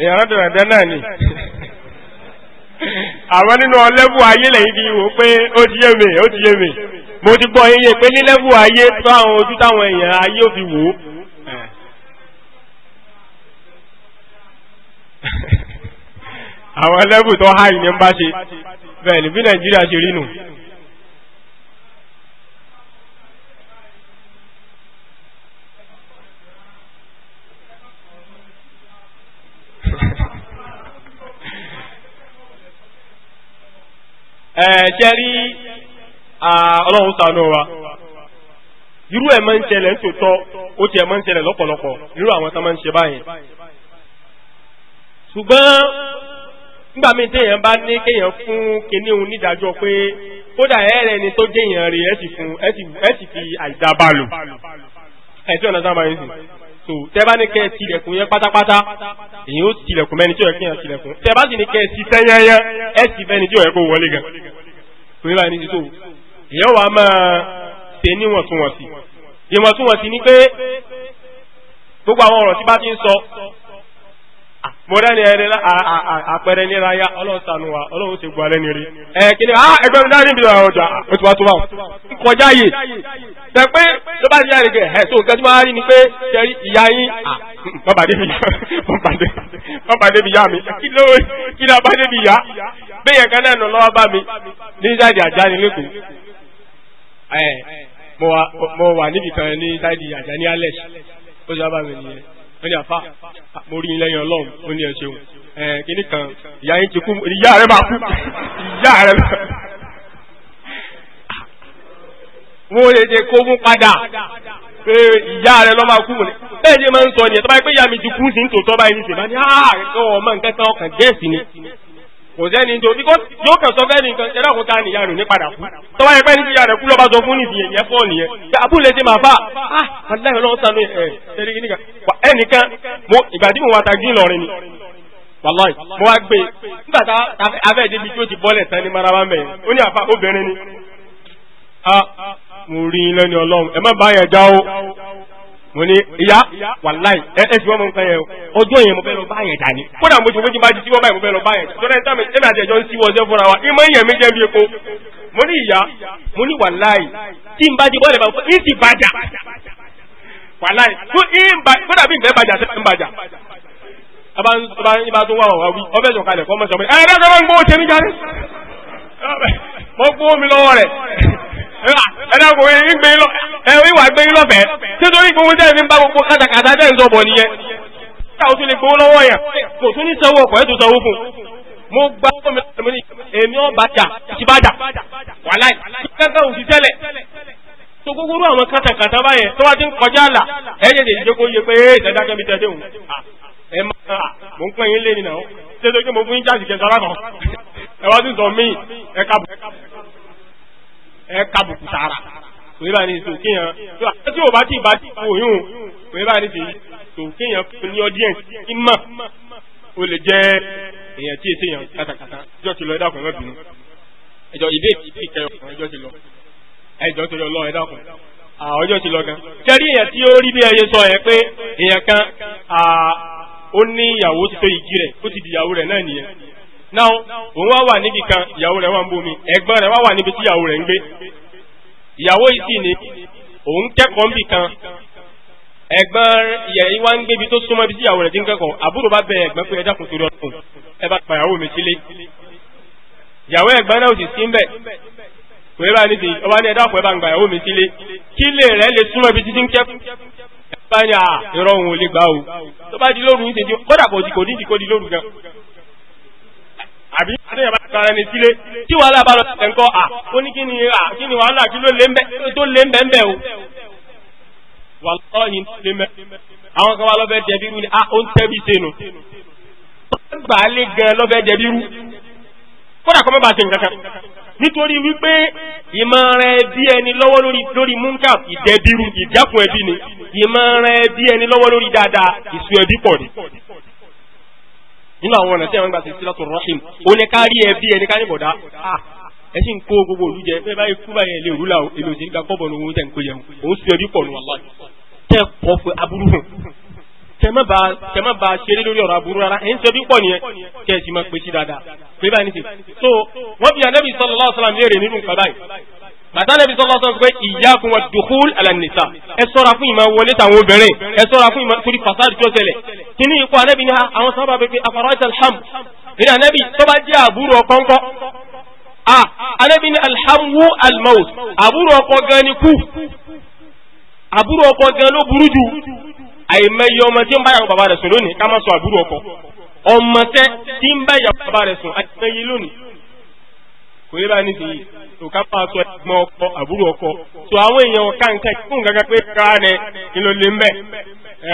èèyàn rádàràdà náà ni àwọn nínú ọlẹ́bù ayé lẹ́yìn bí wò pé ó ti yé mi ó ti yé mi mo ti gbọ́ iye pé ní lẹ́bù ayé tó àwọn ojú táwọn èèyàn ayé ò fi wò ó àwọn lẹ́bù tó háì ní ń bá ṣe bẹ́ẹ̀ ni bí nàìjíríà ṣe rí nù ọlọ́run ṣàánú wa irú ẹ̀ máa ń ṣẹlẹ̀ nítòótọ́ ó tiẹ̀ máa ń ṣẹlẹ̀ lọ́pọ̀lọpọ̀ irú àwọn tó máa ń ṣe báyìí ṣùgbọ́n nígbà míì téèyàn bá ní kéèyàn fún kinní òun nídàájọ́ pé kódà ẹ̀rẹ̀ ni tó géèyàn rí ẹ̀ sì fún ẹ̀ sì fi àìdá bá lò ẹ̀ tí ọ̀nà sábà yín sìn so tẹ bá ní kẹ ẹ tilẹ̀kùn yẹn pátápátá èyí ó tilẹ̀kùn mẹni tí ó yẹ kí yẹn tilẹ̀kùn tẹ bá sì ní kẹ ẹ ti fẹyẹyẹ ẹ sì fẹni tí ó yẹ kó wọlé gan pé báyìí ní so èèyàn wà máa ṣe níwọ̀ntúnwọ̀nsì ìwọ̀ntúnwọ̀nsì ni pé gbogbo àwọn ọ̀rọ̀ tí bá ti ń sọ mọ̀rẹ́ni ẹni àpẹẹrẹ nira ya ọlọ́sànù wa ọlọ́run ṣe gbọ́ alẹ́ nìrí ẹ̀kìní àá ẹgbẹ́ mi dárí ìbílẹ̀ ọjà oṣù wa tó bá kọjá yìí tẹ pé ló bá ti yára gẹ ẹ tó nǹkan tí wọ́n á rí ni pé kẹrí ìyá yín bàbá débi débi yá mi kí ló bá débi yá bẹ́ẹ̀ yẹn kan náà nọ lọ́wọ́ bá mi ní sáìdì àjá ni lẹ́kọ̀ọ́ mo wà níbi kan ní táìdì àjà ní alex ó sì bá mi nìyẹn ó ní àfa mo rí yín lẹ́yìn ọlọ́run ó ní ẹ ṣeun kìíní kan ìyá yín ti kú ìyá rẹ máa kú ìyá rẹ mo lè ṣe kó mú padà pé ìyá rẹ lọ́ máa kú wọlé bẹ́ẹ̀ ṣe máa ń sọ nìyẹn tó bá yẹ pé ìyá mi ju kú sí ní tòótọ́ báyìí ní ìṣèlú bá ní àárẹ̀ tó ọmọ nǹkan tán ọkàn gẹ̀ẹ́sì ni kò sẹ́ni tó bí yóò kàn sọ fẹ́ni nǹkan ṣẹlẹ̀ òkúta nìyà rẹ̀ ní padà kú tó bá yẹ fẹ́ni tí ìyá rẹ̀ kú lọ́ba sọ fún nìyẹn yẹn fọ́ nìyẹn pé abúlé ti máa bá a aláìsàn lọ́wọ́ sanu ẹ̀ ṣẹ́ni kí nìkan ẹnìkan ìgbà tí mo wà tajú ìlọrin ni wàláì mo wá gbé nígbà tá a fẹ́ débi tí ó ti bọ́lẹ̀ tán ní maraba mẹ́ ó ní àfa obìnrin ni a ah, ah, ah. mo rí i lẹ́ni ọlọ́run ẹ mo ní ìyá wàláì ẹ ẹ fi wọn mọ nǹkan yẹn o ọjọ́ yẹn mo fẹ́ lọ bá yẹn dání kódà mo ti fojú bá ti síwọ́ báyìí mo fẹ́ lọ bá yẹn tọ́lá ẹni táwọn ẹni àti ẹ̀jọ́ ń síwọ́ ọjọ́ fúnra wa ìmọ̀ ìyẹn mi jẹ́ bí epo mo ní ìyá mo ní wàláì tí n bá ti bọ́ọ̀lù bá ń ti bàjà wàláì kódà bí ìfẹ́ bàjà ń bàjà ìbá tó wà wà wí ọfẹ́ sọ̀kalẹ̀ kọ́ mọ́ sọ pé ẹ̀ẹ́dẹ́gbẹ́ mọ́ gbó ẹ̀dàkùn yìí gbé lọ ẹ̀wọ̀n ìwà gbé lọ́fẹ̀ẹ́ títorí gbogbo tẹ́ fi ń bá gbogbo kátàkátà tẹ́ ń bọ̀ nìyẹn ká o tún lè gbowó lọ́wọ́ yẹn kò tún ní sanwó ọkọ̀ ẹ̀ sanwó fún mo gba ọmọ mi èmi ọba jà ìbàdà wàláì kankan òsì tẹ́lẹ̀ tó gbogbo rú àwọn kátàkátà báyẹn tó wá ti ń kọjá àlà ẹ̀yẹ̀ lè jókòó yẹ pé ìtẹ́dájọ́ mi ẹ kábùkù tààrà òye bá ní sọ kéèyàn tó àti tí o bá ti bá ti fò yún òye bá ní sọ kéèyàn fún ní audience kí mọ̀ o lè jẹ́ èèyàn tí èsì èèyàn kàtàkàtà ẹjọ́ ti lọ ẹ̀dá ọkùnrin ọ̀bìnrin ẹjọ́ ìdí èkì tí ìkẹyọ ọkùnrin ẹjọ́ ti lọ ẹjọ́ torí ọlọ́ ẹ̀dá ọkùnrin ọjọ́ ti lọ gan. kẹrí èèyàn tí ó rí bí ẹyẹ sọ yẹn pé èèyàn kan ó ní ìyàwó ti tó ìgì rẹ̀ ó ti di ìyàwó rẹ̀ náà nìyẹn náà òun wá wà níbi kan ìyàwó rẹ̀ wà ń bomi ẹ̀gbọ́n rẹ̀ wá wà níbi tí ìyàwó rẹ̀ ń gbé ìyàwó yìí sì ni òun kẹ́kọ̀ọ́ níbi kan ẹ̀gbọ́n ìyẹ̀ yìí wá ń gbé ibi tó súnmọ́ ibi tí ìyàwó rẹ̀ ti ń kẹ́kọ̀ọ́ àbúrò bá bẹ ẹ̀gbọ́n pé ẹ̀dá kùn torí ọ̀tún ẹ bá pa ìyàwó mi sílé ìyàwó ẹ̀gbọ́n náà sì sí ń bẹ̀ pé bá ní ti ọba ní ẹ̀dá ọ̀pọ̀ ẹ bá ń gba ìyàwó mi sílé kí lè rẹ̀ lè súnmọ́ ibi títí ń kẹ́kọ̀ọ́ bá ní ò lè gbà o tó bá di lóru ní tètè kódà kò di kò ní di kó di lóru gan àbí àdéhùn bá kan ẹni sílé tí wàhálà bá lọ sí ẹ̀ńkọ́ à ó ní kí ni à kí ni wàhálà kí ló lé ń bẹ tó lé ń bẹ ń bẹ o. wàhálà yìí lé mẹ àwọn kan wá lọ́fẹ́ jẹ̀bi rú ni à ó ń tẹ́bi sẹ́nu. wọ́n gbà á lé gan lọ́fẹ́ jẹ̀bi rú kódà kọ́ mọ́ bá ṣe nǹkan kan nítorí wípé ìmọ̀ràn ẹbí ẹni lọ́wọ́ lórí múnkà ìdẹ́bírú ìdẹ́kùn ẹbí ni ìmọ̀ràn ẹbí ẹni lọ́wọ́ lórí dáadáa ìsú ẹbí pọ̀ ni nínú àwọn ọ̀nà tí àwọn gbà ṣe sílátù rahim ó ní ká rí ẹbí ẹni ká ní bọ̀dá ẹ sì ń kó gbogbo òlú jẹ fẹ́ báyìí kú báyìí ẹ̀lẹ́ òrùlà èlò òsì nígbà kọ́bọ̀ lówó tẹ̀ ń kó jẹun òun sì ẹbí pọ̀ nù wà láì tẹ́ pọ̀ fún aburú hàn tẹ́ má ba ṣeré lórí ọ̀rọ̀ aburú rárá ẹ̀ ń ṣe bí pọ̀ nìyẹn tẹ́ ẹ sì máa pèsè dáadáa pé báyìí nìṣe so wọ́n fi ànábì sallallahu alaihi wasallam léèrè nínú nǹkan bàtàlẹ̀ bí sọ́kọ́ sọ pé iyyakum wad-dukhul ala nisa ẹ sọ́ra fún ìmọ̀ wọlé tàwọn obìnrin ẹ sọ́ra fún ìmọ̀ torí fasad tó ṣẹlẹ̀ kí ní ipò anẹ́bí ní àwọn sábà pé afara'ayta al-ham ìrìn anẹ́bí tó bá jẹ́ àbúrò kọ́ńkọ́ a anẹ́bí ní alhamwu al-maut àbúrò ọkọ gan ni kú àbúrò ọkọ gan ló burú jù àìmọye ọmọ tí ń bá yàwó bàbá rẹ̀ sùn lónìí kò yẹ bá nísìnyí òkà bá sọ ẹ̀gbọ́n ọkọ àbúrò ọkọ tó àwọn èèyàn kàǹkà fún gàgà pé kára nẹ kí ló lè ń bẹ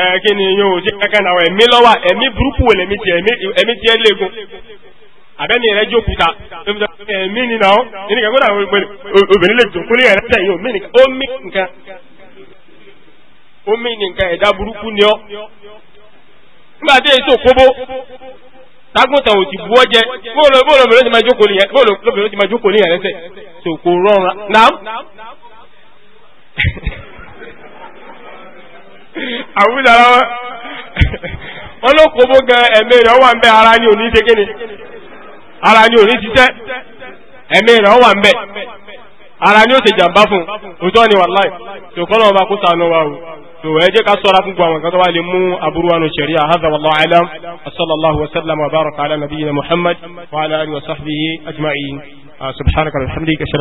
ẹ kí ni yóò ṣe kankan náà ẹ̀mí lọ́wọ́ ẹ̀mí burúkú wò lẹ̀mí tiẹ̀ ẹ̀mí tiẹ̀ léegun àbẹ́mi rẹ̀ jó kuta ẹ̀mí ni náà ẹni kan kódà obìnrin lè dùn kúlẹ̀ rẹ̀ tẹ̀yìn omi nìkan omi nìkan omi nìkan ẹ̀dá burúkú ni ọ́ nígbà tí èyí tó kóbó tágùntàn oti ti bu ọjẹ bóòlù bóòlù obìnrin ti máa jókòó nìyẹn bóòlù obìnrin ti máa jókòó nìyẹn lẹ́sẹ̀ tó kò rọrùn ara ara ni òní ṣe ara ni òní ara ni ó ṣe jàǹbá fún òótọ́ ni wàláì tó kọ́ o. فواجه كسرات قوام كذا وعلموا أبروان الشريعة هذا والله علم صلى الله وسلم وبارك على نبينا محمد وعلى آله وصحبه أجمعين سبحانك والحمد لك